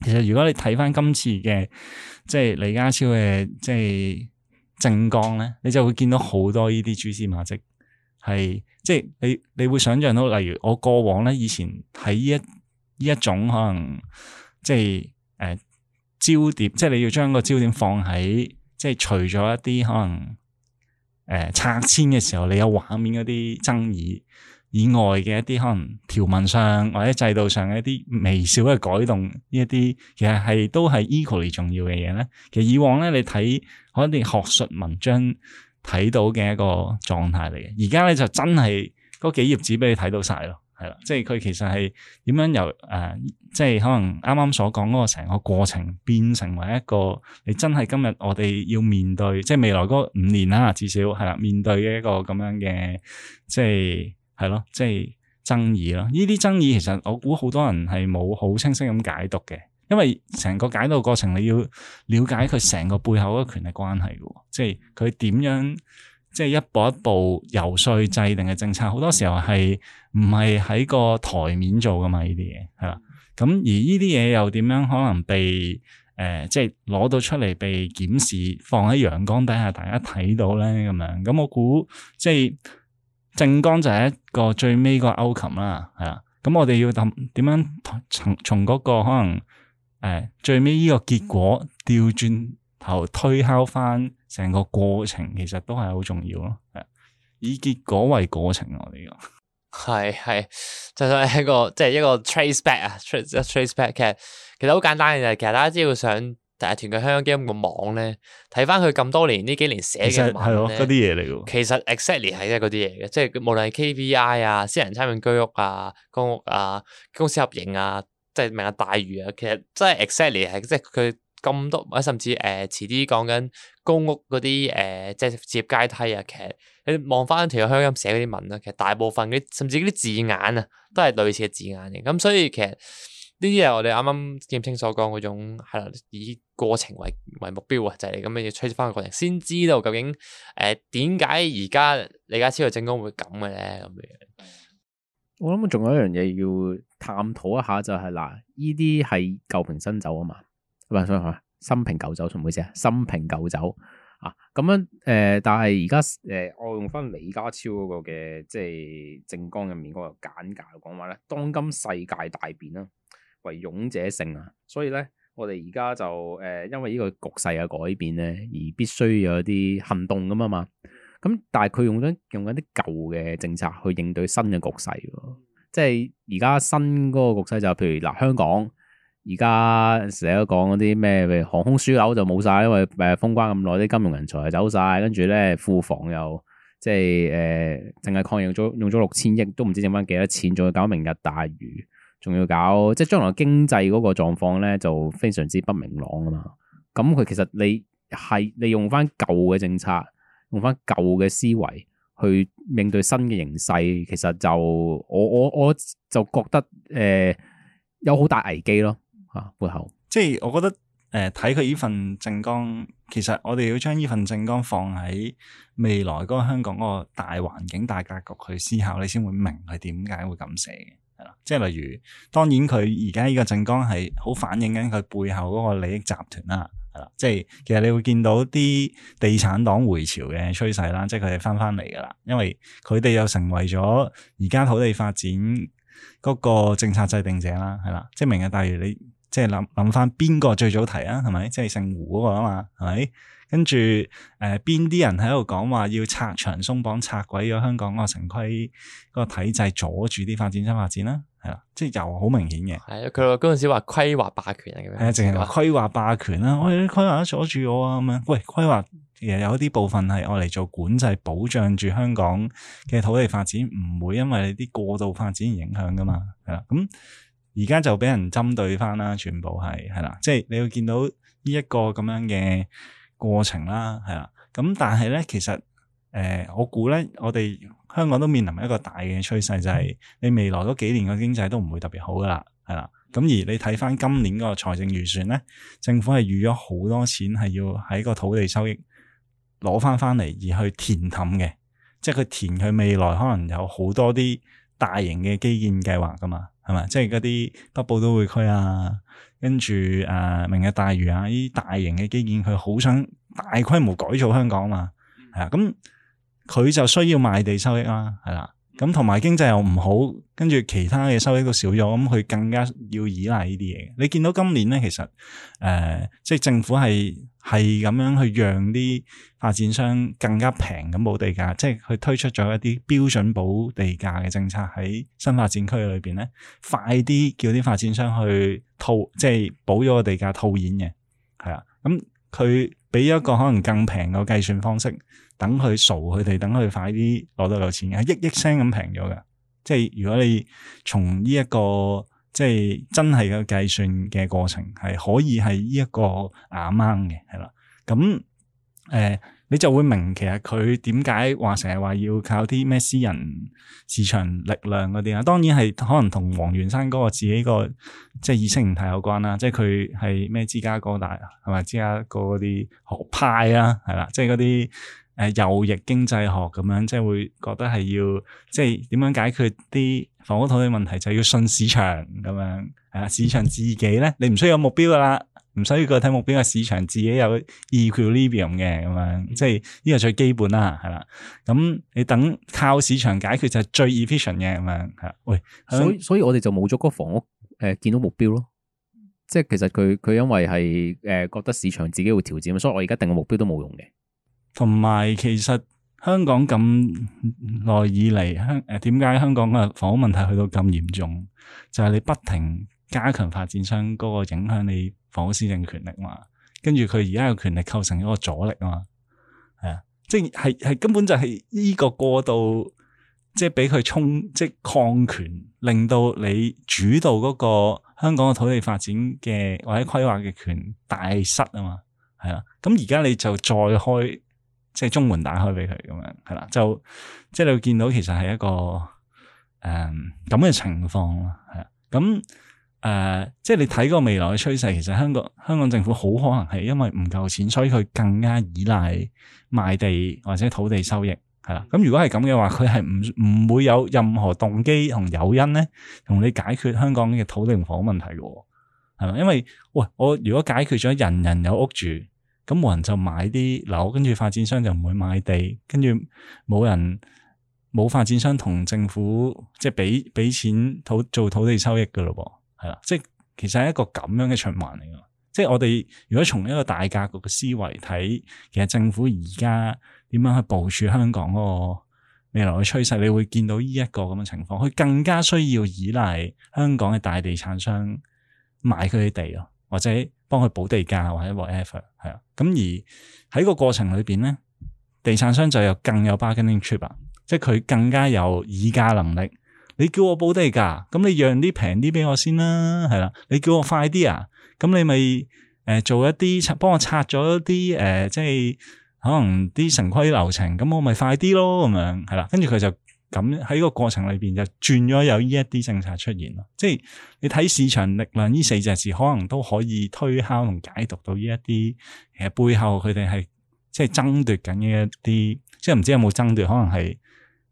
其實如果你睇翻今次嘅即係李家超嘅即係政綱咧，你就會見到好多呢啲蛛絲馬跡，係即係你你會想象到，例如我過往咧以前喺呢一呢一種可能即係誒。呃焦點即係你要將個焦點放喺即係除咗一啲可能誒、呃、拆遷嘅時候，你有畫面嗰啲爭議以外嘅一啲可能條文上或者制度上嘅一啲微小嘅改動呢一啲，其實係都係 equally 重要嘅嘢。咧。其實以往咧你睇可能你學術文章睇到嘅一個狀態嚟嘅，而家咧就真係嗰幾頁紙俾你睇到晒咯。係啦，即係佢其實係點樣由誒、呃，即係可能啱啱所講嗰個成個過程，變成為一個你真係今日我哋要面對，即係未來嗰五年啦，至少係啦，面對嘅一個咁樣嘅，即係係咯，即係爭議咯。呢啲爭議其實我估好多人係冇好清晰咁解讀嘅，因為成個解讀過程你要了解佢成個背後嗰個權力關係嘅，即係佢點樣。即係一步一步游説制定嘅政策，好多時候係唔係喺個台面做噶嘛？呢啲嘢係啦，咁而呢啲嘢又點樣可能被誒、呃、即係攞到出嚟被檢視，放喺陽光底下大家睇到咧咁樣？咁我估即係政綱就係一個最尾個勾琴啦，係啦。咁我哋要點點樣從從嗰個可能誒、呃、最尾呢個結果調轉？頭推敲翻成個過程，其實都係好重要咯，係以結果為過程，我哋講係係，就係、是、一個即係、就是、一個 trace back 啊，trace trace back 其。其實其實好簡單嘅就係，其實大家只要上第誒團結香港基金個網咧，睇翻佢咁多年呢幾年寫嘅係咯嗰啲嘢嚟噶。其實 exactly 係即係嗰啲嘢嘅，即係無論係 KPI 啊、私人參與居屋啊、公屋啊、公司合營啊、即係明啊大嶼啊，其實、exactly、即係 exactly 係即係佢。咁多，甚至誒、呃、遲啲講緊公屋嗰啲誒，即係置業階梯啊。其實你望翻條鄉音寫嗰啲文咧，其實大部分啲甚至嗰啲字眼啊，都係類似嘅字眼嘅。咁所以其實呢啲係我哋啱啱劍青所講嗰種係啦，以過程為為目標啊，就係、是、咁樣要追翻個過程，先知道究竟誒點、呃、解而家李家超嘅政綱會咁嘅咧咁樣呢，樣我諗仲有一樣嘢要探討一下、就是，就係嗱，呢啲係舊瓶新酒啊嘛。咁所以話新瓶舊酒，做咩意思啊？新瓶舊酒，啊，咁樣誒、呃，但係而家誒，我用翻李家超嗰個嘅，即係政綱入面嗰個簡介講話咧，當今世界大變啦、啊，為勇者勝啊，所以咧，我哋而家就誒、呃，因為呢個局勢嘅改變咧，而必須有啲行動咁啊嘛。咁但係佢用緊用緊啲舊嘅政策去應對新嘅局勢，即係而家新嗰個局勢就係、譬如嗱、呃，香港。而家成日都講嗰啲咩，譬如航空樞紐就冇晒，因為誒封關咁耐，啲金融人才走晒，跟住咧庫房又即係誒淨係抗疫用咗用咗六千億，都唔知剩翻幾多錢，仲要搞明日大嶼，仲要搞，即係將來經濟嗰個狀況咧就非常之不明朗啊嘛。咁佢其實你係利用翻舊嘅政策，用翻舊嘅思維去面對新嘅形勢，其實就我我我就覺得誒、呃、有好大危機咯。啊背後，即係我覺得誒睇佢呢份政綱，其實我哋要將呢份政綱放喺未來個香港嗰個大環境大格局去思考，你先會明佢點解會咁寫嘅係啦。即係例如，當然佢而家呢個政綱係好反映緊佢背後嗰個利益集團啦，係啦。即係其實你會見到啲地產黨回潮嘅趨勢啦，即係佢哋翻翻嚟噶啦，因為佢哋又成為咗而家土地發展嗰個政策制定者啦，係啦。即係明日，大嶼你。即係諗諗翻邊個最早提啊，係咪？即係姓胡嗰、那個啊嘛，係咪？跟住誒，邊、呃、啲人喺度講話要拆牆鬆綁，拆鬼咗香港嗰個城規嗰個體制，阻住啲發展商發展啦，係啦，即係又好明顯嘅。係佢嗰陣時話規劃霸權啊，咁樣係啊，淨係規劃霸權啦，我哋規劃阻住我啊咁樣。喂，規劃誒有啲部分係我嚟做管制，保障住香港嘅土地發展，唔會因為啲過度發展而影響噶嘛，係啦，咁。嗯而家就俾人針對翻啦，全部係係啦，即係、就是、你會見到呢一個咁樣嘅過程啦，係啦。咁但係咧，其實誒、呃，我估咧，我哋香港都面臨一個大嘅趨勢，就係、是、你未來嗰幾年嘅經濟都唔會特別好噶啦，係啦。咁而你睇翻今年嗰個財政預算咧，政府係預咗好多錢係要喺個土地收益攞翻翻嚟，而去填氹嘅，即係佢填佢未來可能有好多啲大型嘅基建計劃噶嘛。係嘛，即係嗰啲北部都會區啊，跟住誒、啊、明日大嶼啊，呢啲大型嘅基建佢好想大規模改造香港啊嘛，係啊，咁佢就需要賣地收益啦，係啦。咁同埋經濟又唔好，跟住其他嘅收益都少咗，咁佢更加要依賴呢啲嘢。你見到今年咧，其實誒、呃，即係政府係係咁樣去讓啲發展商更加平咁補地價，即係佢推出咗一啲標準補地價嘅政策喺新發展區裏邊咧，快啲叫啲發展商去套，即係補咗個地價套現嘅，係啊，咁佢俾一個可能更平嘅計算方式。等佢掃佢哋，等佢快啲攞到有錢，係億億聲咁平咗嘅。即係如果你從呢、這、一個即係真係嘅計算嘅過程，係可以係呢一個啱啱嘅，係啦。咁、呃、誒，你就會明其實佢點解話成日話要靠啲咩私人市場力量嗰啲啊？當然係可能同黃元山嗰個自己個即係意識唔太有關啦。即係佢係咩芝加哥大係咪芝加哥嗰啲學派啊？係啦，即係嗰啲。誒右翼經濟學咁樣，即係會覺得係要即係點樣解決啲房屋土地問題，就係要信市場咁樣。係啊，市場自己咧，你唔需要有目標噶啦，唔需要個睇目標嘅市場自己有 equilibrium 嘅咁樣，即係呢個最基本啦，係啦。咁你等靠市場解決就係最 efficient 嘅咁樣嚇。喂，所以所以我哋就冇咗個房屋誒建屋目標咯。即係其實佢佢因為係誒覺得市場自己會調整，所以我而家定個目標都冇用嘅。同埋，其實香港咁耐以嚟，香，誒點解香港嘅房屋問題去到咁嚴重？就係你不停加強發展商嗰個影響你房屋施政嘅權力嘛，跟住佢而家嘅權力構成一個阻力啊嘛，係啊，即係係根本就係呢個過度，即係俾佢衝即係抗權，令到你主導嗰個香港嘅土地發展嘅或者規劃嘅權大失啊嘛，係啊，咁而家你就再開。即係中門打開俾佢咁樣，係啦，就即係你會見到其實係一個誒咁嘅情況咯，係啦，咁誒、呃，即係你睇個未來嘅趨勢，其實香港香港政府好可能係因為唔夠錢，所以佢更加依賴賣地或者土地收益，係啦。咁如果係咁嘅話，佢係唔唔會有任何動機同誘因咧，同你解決香港嘅土地同房屋問題嘅，係嘛？因為喂，我如果解決咗人人有屋住。咁冇人就買啲樓，跟住發展商就唔會買地，跟住冇人冇發展商同政府即係畀俾錢土做土地收益嘅咯噃，係啦，即係其實係一個咁樣嘅循環嚟㗎。即係我哋如果從一個大格局嘅思維睇，其實政府而家點樣去部署香港嗰個未來嘅趨勢，你會見到呢一個咁嘅情況，佢更加需要依賴香港嘅大地產商買佢哋地咯，或者，幫佢補地價或者 whatever，係啊，咁而喺個過程裏邊咧，地產商就有更有 bargaining trip 啊，即係佢更加有議價能力。你叫我補地價，咁你讓啲平啲俾我先啦，係啦。你叫我快啲啊，咁你咪誒、呃、做一啲拆，幫我拆咗一啲誒、呃，即係可能啲城規流程，咁我咪快啲咯，咁樣係啦。跟住佢就。咁喺個過程裏邊就轉咗有呢一啲政策出現咯，即係你睇市場力量呢四隻字，可能都可以推敲同解讀到呢一啲，其實背後佢哋係即係爭奪緊嘅一啲，即係唔知有冇爭奪，可能係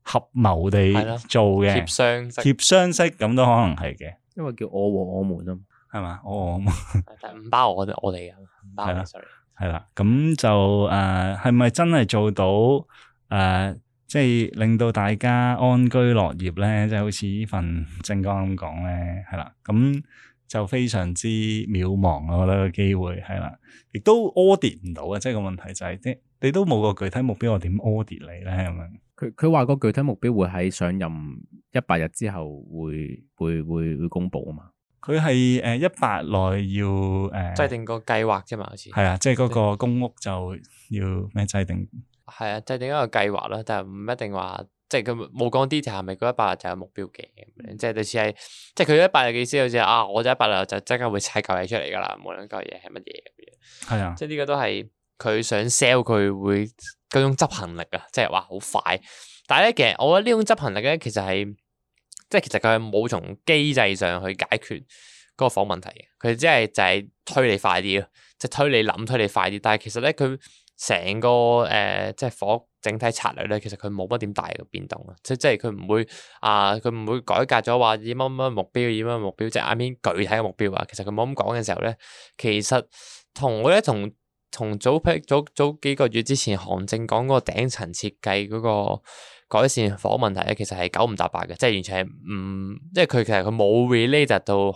合謀地做嘅協商，協商式咁都可能係嘅，因為叫我和我們嘛、啊，係嘛，我和我們，但我我唔包我我哋嘅，係啦 sorry 係啦、啊，咁 sorry、啊啊、就誒係咪真係做到誒？呃即係令到大家安居樂業咧，即係好似呢份政綱咁講咧，係啦，咁就非常之渺茫。我覺得個機會係啦，亦都 audit 唔到嘅。即係個問題就係，即你都冇個具體目標，我點 audit 你咧？係咪？佢佢話個具體目標會喺上任一百日之後會會會會公布啊嘛？佢係誒一百內要誒、呃、制定個計劃啫嘛？好似係啊，即係嗰個公屋就要咩制定。係啊，就係點樣個計劃啦，但係唔一定話，即係佢冇講 detail 係咪嗰一百日就有目標嘅，即係類似係，即係佢一百日嘅意思好似啊，我就一百日就即刻會砌嚿嘢出嚟噶啦，無論嚿嘢係乜嘢係啊，即係呢個都係佢想 sell 佢會嗰種執行力啊，即係哇好快！但係咧，其實我覺得呢種執行力咧，其實係即係其實佢係冇從機制上去解決嗰個房問題嘅，佢即係就係推你快啲咯，即係推你諗，推你快啲。但係其實咧佢。成個誒、呃、即係房整體策略咧，其實佢冇乜點大嘅變動啊！即即係佢唔會啊，佢唔會改革咗話以乜乜目標，以乜目標即係啱先具體嘅目標啊！其實佢冇咁講嘅時候咧，其實同我咧，同同，同早批早早幾個月之前，韓正講嗰個頂層設計嗰個改善房屋問題咧，其實係九唔搭八嘅，即係完全係唔即係佢其實佢冇 related 到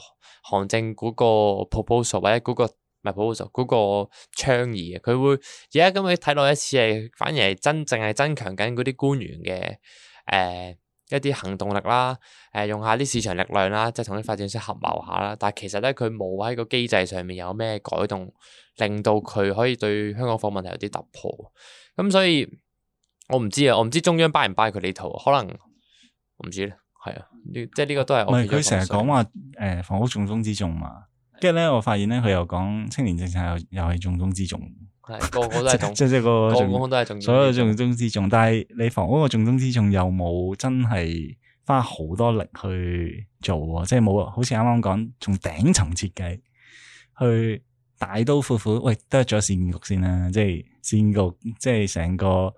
韓正嗰個 proposal 或者嗰個。唔係普普索嗰個倡議嘅，佢會而家咁佢睇落一次，係反而係真正係增強緊嗰啲官員嘅誒、呃、一啲行動力啦，誒、呃、用下啲市場力量啦，即係同啲發展商合謀下啦。但係其實咧，佢冇喺個機制上面有咩改動，令到佢可以對香港房問題有啲突破。咁、嗯、所以我唔知啊，我唔知中央批唔批佢呢套，可能唔知咧。係啊，即係呢個都係我是。佢成日講話誒、嗯，房屋重中，中之重嘛。跟住咧，我發現咧，佢又講青年政策又又係重中，中之重，個個都係重，即係 *laughs* 個，個個都係重，所有重重中之重。但係你房屋嘅重中之重個個重，又冇真係花好多力去做？即係冇啊！好似啱啱講，從頂層設計去大刀闊斧，喂，得咗線局先啦，即係線局，即係成個。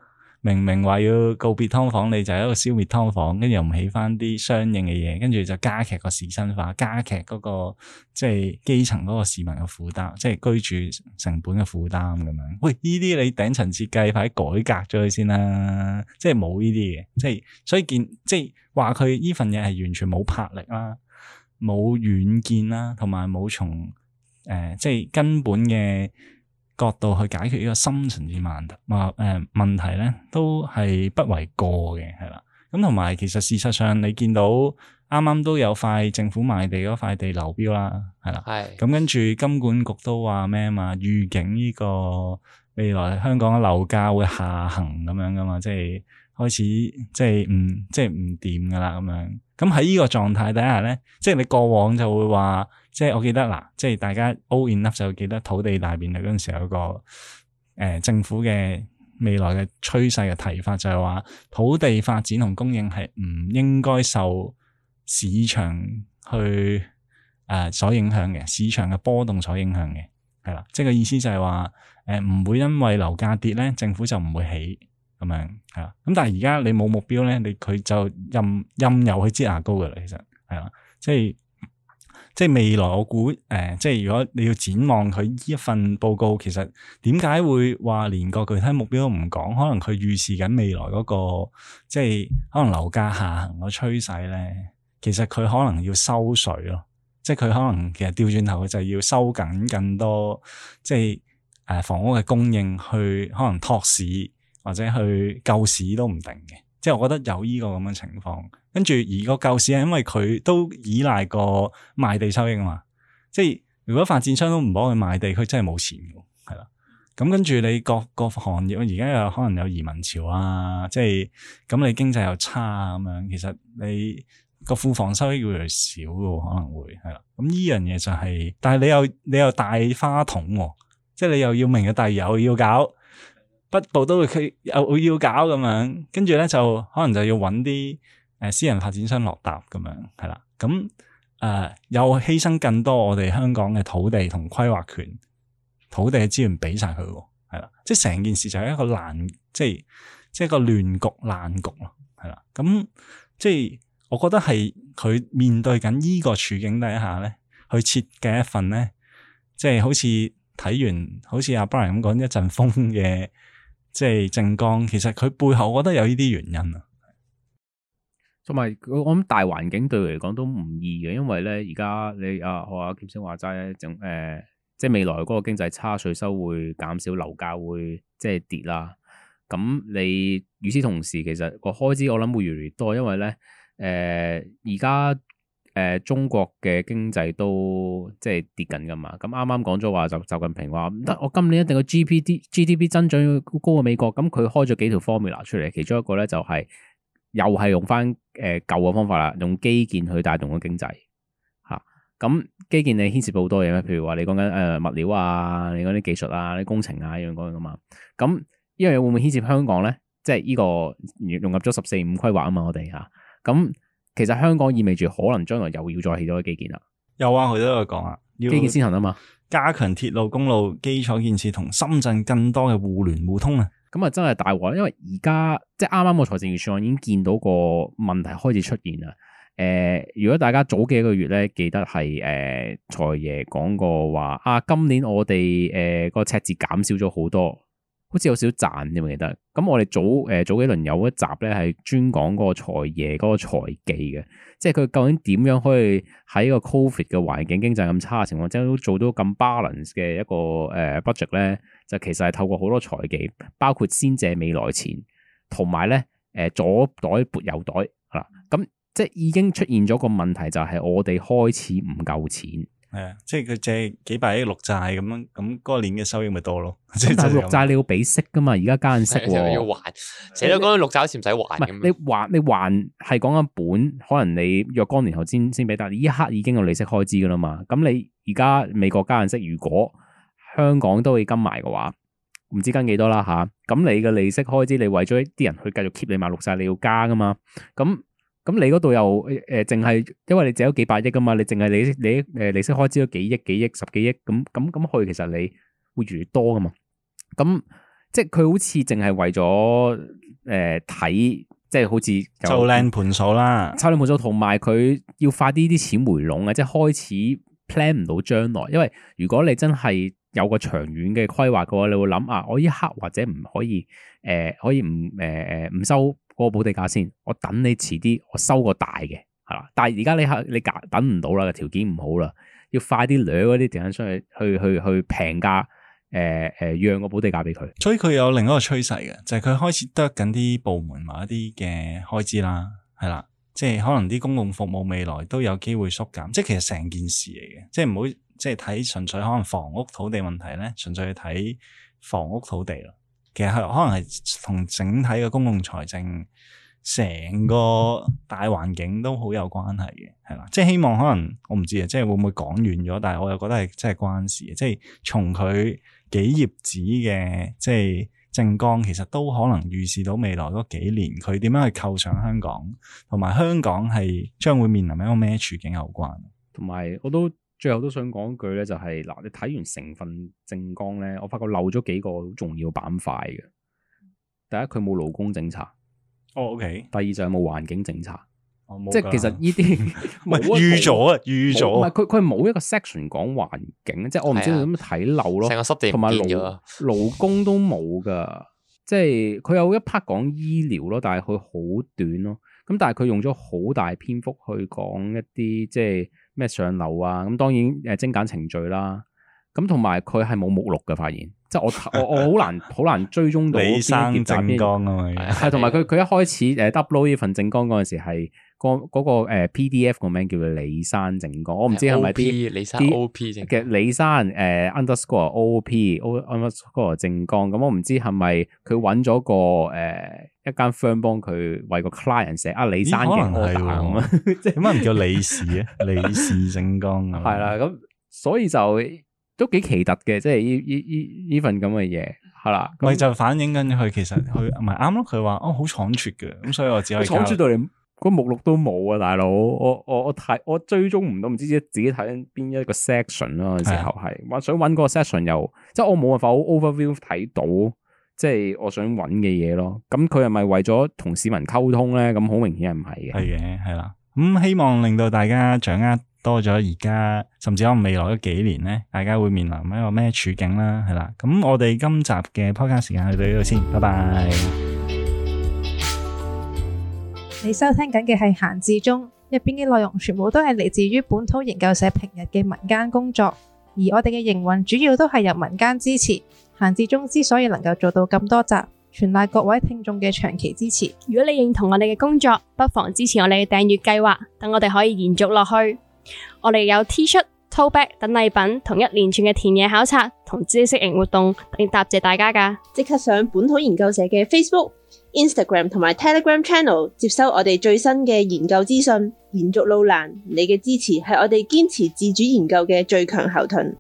明明話要告別劏房，你就係一個消滅劏房，跟住又唔起翻啲相應嘅嘢，跟住就加劇個市民化，加劇嗰個即係基層嗰個市民嘅負擔，即係居住成本嘅負擔咁樣。喂，呢啲你頂層設計快改革咗佢先啦，即係冇呢啲嘅，即係所以見即係話佢呢份嘢係完全冇魄力啦，冇遠見啦，同埋冇從誒、呃、即係根本嘅角度去解決呢個深層次問題嘛？誒，問題咧、呃、都係不為過嘅，係啦。咁同埋其實事實上你見到啱啱都有塊政府賣地嗰塊地流標啦，係啦。係的。咁跟住金管局都話咩啊嘛？預警呢個未來香港樓價會下行咁樣噶嘛？即係。開始即係唔即係唔掂㗎喇咁樣，咁喺呢個狀態底下咧，即係你過往就會話，即係我記得嗱，即係大家 all in up 就記得土地大變局嗰陣時有個誒、呃、政府嘅未來嘅趨勢嘅提法就係話，土地發展同供應係唔應該受市場去誒、呃、所影響嘅，市場嘅波動所影響嘅，係啦，即係個意思就係話誒唔會因為樓價跌咧，政府就唔會起。咁樣係啦，咁但係而家你冇目標咧，你佢就任任由佢擠牙膏噶啦，其實係啦，即係即係未來我估誒、呃，即係如果你要展望佢呢一份報告，其實點解會話連個具體目標都唔講？可能佢預示緊未來嗰、那個即係可能樓價下行個趨勢咧，其實佢可能要收水咯，即係佢可能其實調轉頭佢就要收緊更多即係誒、呃、房屋嘅供應去可能托市。或者去救市都唔定嘅，即係我覺得有依個咁嘅情況。跟住而個救市係因為佢都依賴個賣地收益啊嘛。即係如果發展商都唔幫佢賣地，佢真係冇錢嘅，係啦。咁跟住你各個行業，而家又可能有移民潮啊，即係咁你經濟又差啊。咁樣，其實你個庫房收益越來越少嘅，可能會係啦。咁依樣嘢就係、是，但係你又你又大花筒喎、啊，即係你又要明嘅，但係又要搞。北部都會佢又要搞咁樣，跟住咧就可能就要揾啲誒私人發展商落搭咁樣，係啦，咁誒又犧牲更多我哋香港嘅土地同規劃權，土地嘅資源俾晒佢喎，係啦，即係成件事就係一個爛，即係即係個亂局爛局咯，係啦，咁、嗯、即係我覺得係佢面對緊依個處境底下咧，去設計一份咧，即係好似睇完好似阿 Brian 咁講一陣風嘅。即係政綱，其實佢背後我覺得有呢啲原因啊，同埋我諗大環境對嚟講都唔易嘅，因為咧而家你啊，我阿劍星話齋，正、呃、誒，即係未來嗰個經濟差，稅收會減少，樓價會即係跌啦。咁你與此同時，其實個開支我諗會越嚟越多，因為咧誒而家。呃誒、呃、中國嘅經濟都即係跌緊噶嘛，咁啱啱講咗話就習近平話，唔得我今年一定個 GPD、GDP 增長要高過美國，咁佢開咗幾條 formula 出嚟，其中一個咧就係、是、又係用翻誒、呃、舊嘅方法啦，用基建去帶動個經濟嚇。咁、啊嗯、基建你牽涉到好多嘢，譬如話你講緊誒物料啊，你講啲技術啊、啲工程啊，依樣嗰樣噶嘛。咁依樣嘢會唔會牽涉香港咧？即係呢個融入咗十四五規劃啊嘛，我哋嚇咁。啊嗯嗯嗯嗯其實香港意味住可能將來又要再起多啲基建啦，有啊，佢都有講啊，要基建先行啊嘛，加強鐵路、公路基礎建設同深圳更多嘅互聯互通啊，咁啊真係大鑊，因為而家即係啱啱個財政預算案已經見到個問題開始出現啦，誒、呃，如果大家早幾個月咧記得係誒、呃、財爺講過話啊，今年我哋誒、呃那個赤字減少咗好多。好似有少少賺啫，我記得。咁我哋早誒、呃、早幾輪有一集咧，係專講嗰個財爺嗰、嗰個財技嘅，即係佢究竟點樣可以喺個 COVID 嘅環境、經濟咁差嘅情況，之下都做到咁 balance 嘅一個誒、呃、budget 咧？就其實係透過好多財技，包括先借未來錢，同埋咧誒左袋撥右袋，嗱，咁即係已經出現咗個問題，就係我哋開始唔夠錢。係啊，即係佢借幾百億綠債咁，那個就是、樣，咁嗰年嘅收益咪多咯。但係綠債你要俾息噶嘛，而家加息喎，要 *laughs* 還。寫咗嗰啲綠債好似唔使還。你還你還係講緊本，可能你若干年後先先俾，但係呢一刻已經有利息開支噶啦嘛。咁你而家美國加息，如果香港都可以跟埋嘅話，唔知跟幾多啦吓。咁、啊、你嘅利息開支，你為咗啲人去繼續 keep 你買綠債，你要加噶嘛？咁。咁你嗰度又誒誒，淨、呃、係因為你借咗幾百億噶嘛，你淨係利息、利息利息開支咗幾億、幾億、十幾億，咁咁咁可以其實你會越嚟越多噶嘛。咁即係佢好似淨係為咗誒睇，即係好似、呃、做靚盤數啦，抽靚盤數同埋佢要快啲啲錢回籠啊！即係開始 plan 唔到將來，因為如果你真係有個長遠嘅規劃嘅話，你會諗啊，我一刻或者唔可以誒、呃，可以唔誒誒唔收。個補地價先，我等你遲啲，我收個大嘅，係啦。但係而家你嚇你隔等唔到啦，條件唔好啦，要快啲掠嗰啲地產出去，去去去平價，誒、呃、誒、呃、讓個補地價畀佢。所以佢有另一個趨勢嘅，就係、是、佢開始得緊啲部門話一啲嘅開支啦，係啦，即係可能啲公共服務未來都有機會縮減，即係其實成件事嚟嘅，即係唔好即係睇純粹可能房屋土地問題咧，純粹去睇房屋土地其實係可能係同整體嘅公共財政成個大環境都好有關係嘅，係嘛？即係希望可能我唔知啊，即係會唔會講完咗？但係我又覺得係真係關事嘅，即係從佢幾頁紙嘅即係政綱，其實都可能預示到未來嗰幾年佢點樣去構上香港，同埋香港係將會面臨一個咩處境有關。同埋我都。最後都想講句咧，就係、是、嗱，你睇完成份政綱咧，我發覺漏咗幾個好重要板塊嘅。第一，佢冇勞工政策。哦、oh,，OK。第二就係冇環境政策。Oh, 即係其實呢啲唔係預咗啊，預咗。 *laughs* 唔係佢佢冇一個 section 講環境，即係我唔知佢點樣睇漏咯。成個濕地同埋勞勞工都冇噶，即係佢有一 part 講醫療咯，但係佢好短咯。咁但係佢用咗好大篇幅去講一啲即係咩上樓啊，咁當然誒精簡程序啦，咁同埋佢係冇目錄嘅，發現即係我 *laughs* 我我好難好難追蹤到 *laughs* 李生政綱啊嘛，係同埋佢佢一開始誒 double 呢份政綱嗰陣時係。個嗰個誒 PDF 個名叫做李生正光，我唔知係咪 P 李生 O P 嘅李生，誒 Underscore O P Underscore 正光，咁我唔知係咪佢揾咗個誒、呃、一間 firm 幫佢為個 client 寫啊李生嘅，即係點解唔叫李氏啊？李氏正光係啦，咁、嗯、所以就都幾奇特嘅，即係呢依依依份咁嘅嘢係啦，咪、嗯、就反映緊佢其實佢唔係啱咯，佢話哦好倉促嘅，咁所以我只可以倉促個目錄都冇啊，大佬！我我我睇，我追蹤唔到，唔知自己睇緊邊一個 section 咯。時候係，或的想揾嗰個 section 又，即係我冇辦法好 overview 睇到，即係我想揾嘅嘢咯。咁佢係咪為咗同市民溝通咧？咁好明顯係唔係嘅？係嘅，係啦。咁希望令到大家掌握多咗而家，甚至可能未來幾年咧，大家會面臨一個咩處境啦，係啦。咁我哋今集嘅 podcast 時間去到呢度先，拜拜。你收聽緊嘅係閒置中，入邊嘅內容全部都係嚟自於本土研究社平日嘅民間工作，而我哋嘅營運主要都係由民間支持。閒置中之所以能夠做到咁多集，全賴各位聽眾嘅長期支持。如果你認同我哋嘅工作，不妨支持我哋嘅訂閱計劃，等我哋可以延續落去。我哋有 T 恤、Tote Bag 等禮品，同一連串嘅田野考察同知識型活動，嚟答謝大家㗎。即刻上本土研究社嘅 Facebook、Instagram 同埋 Telegram Channel 接收我哋最新嘅研究資訊，延續路難，你嘅支持係我哋堅持自主研究嘅最強後盾。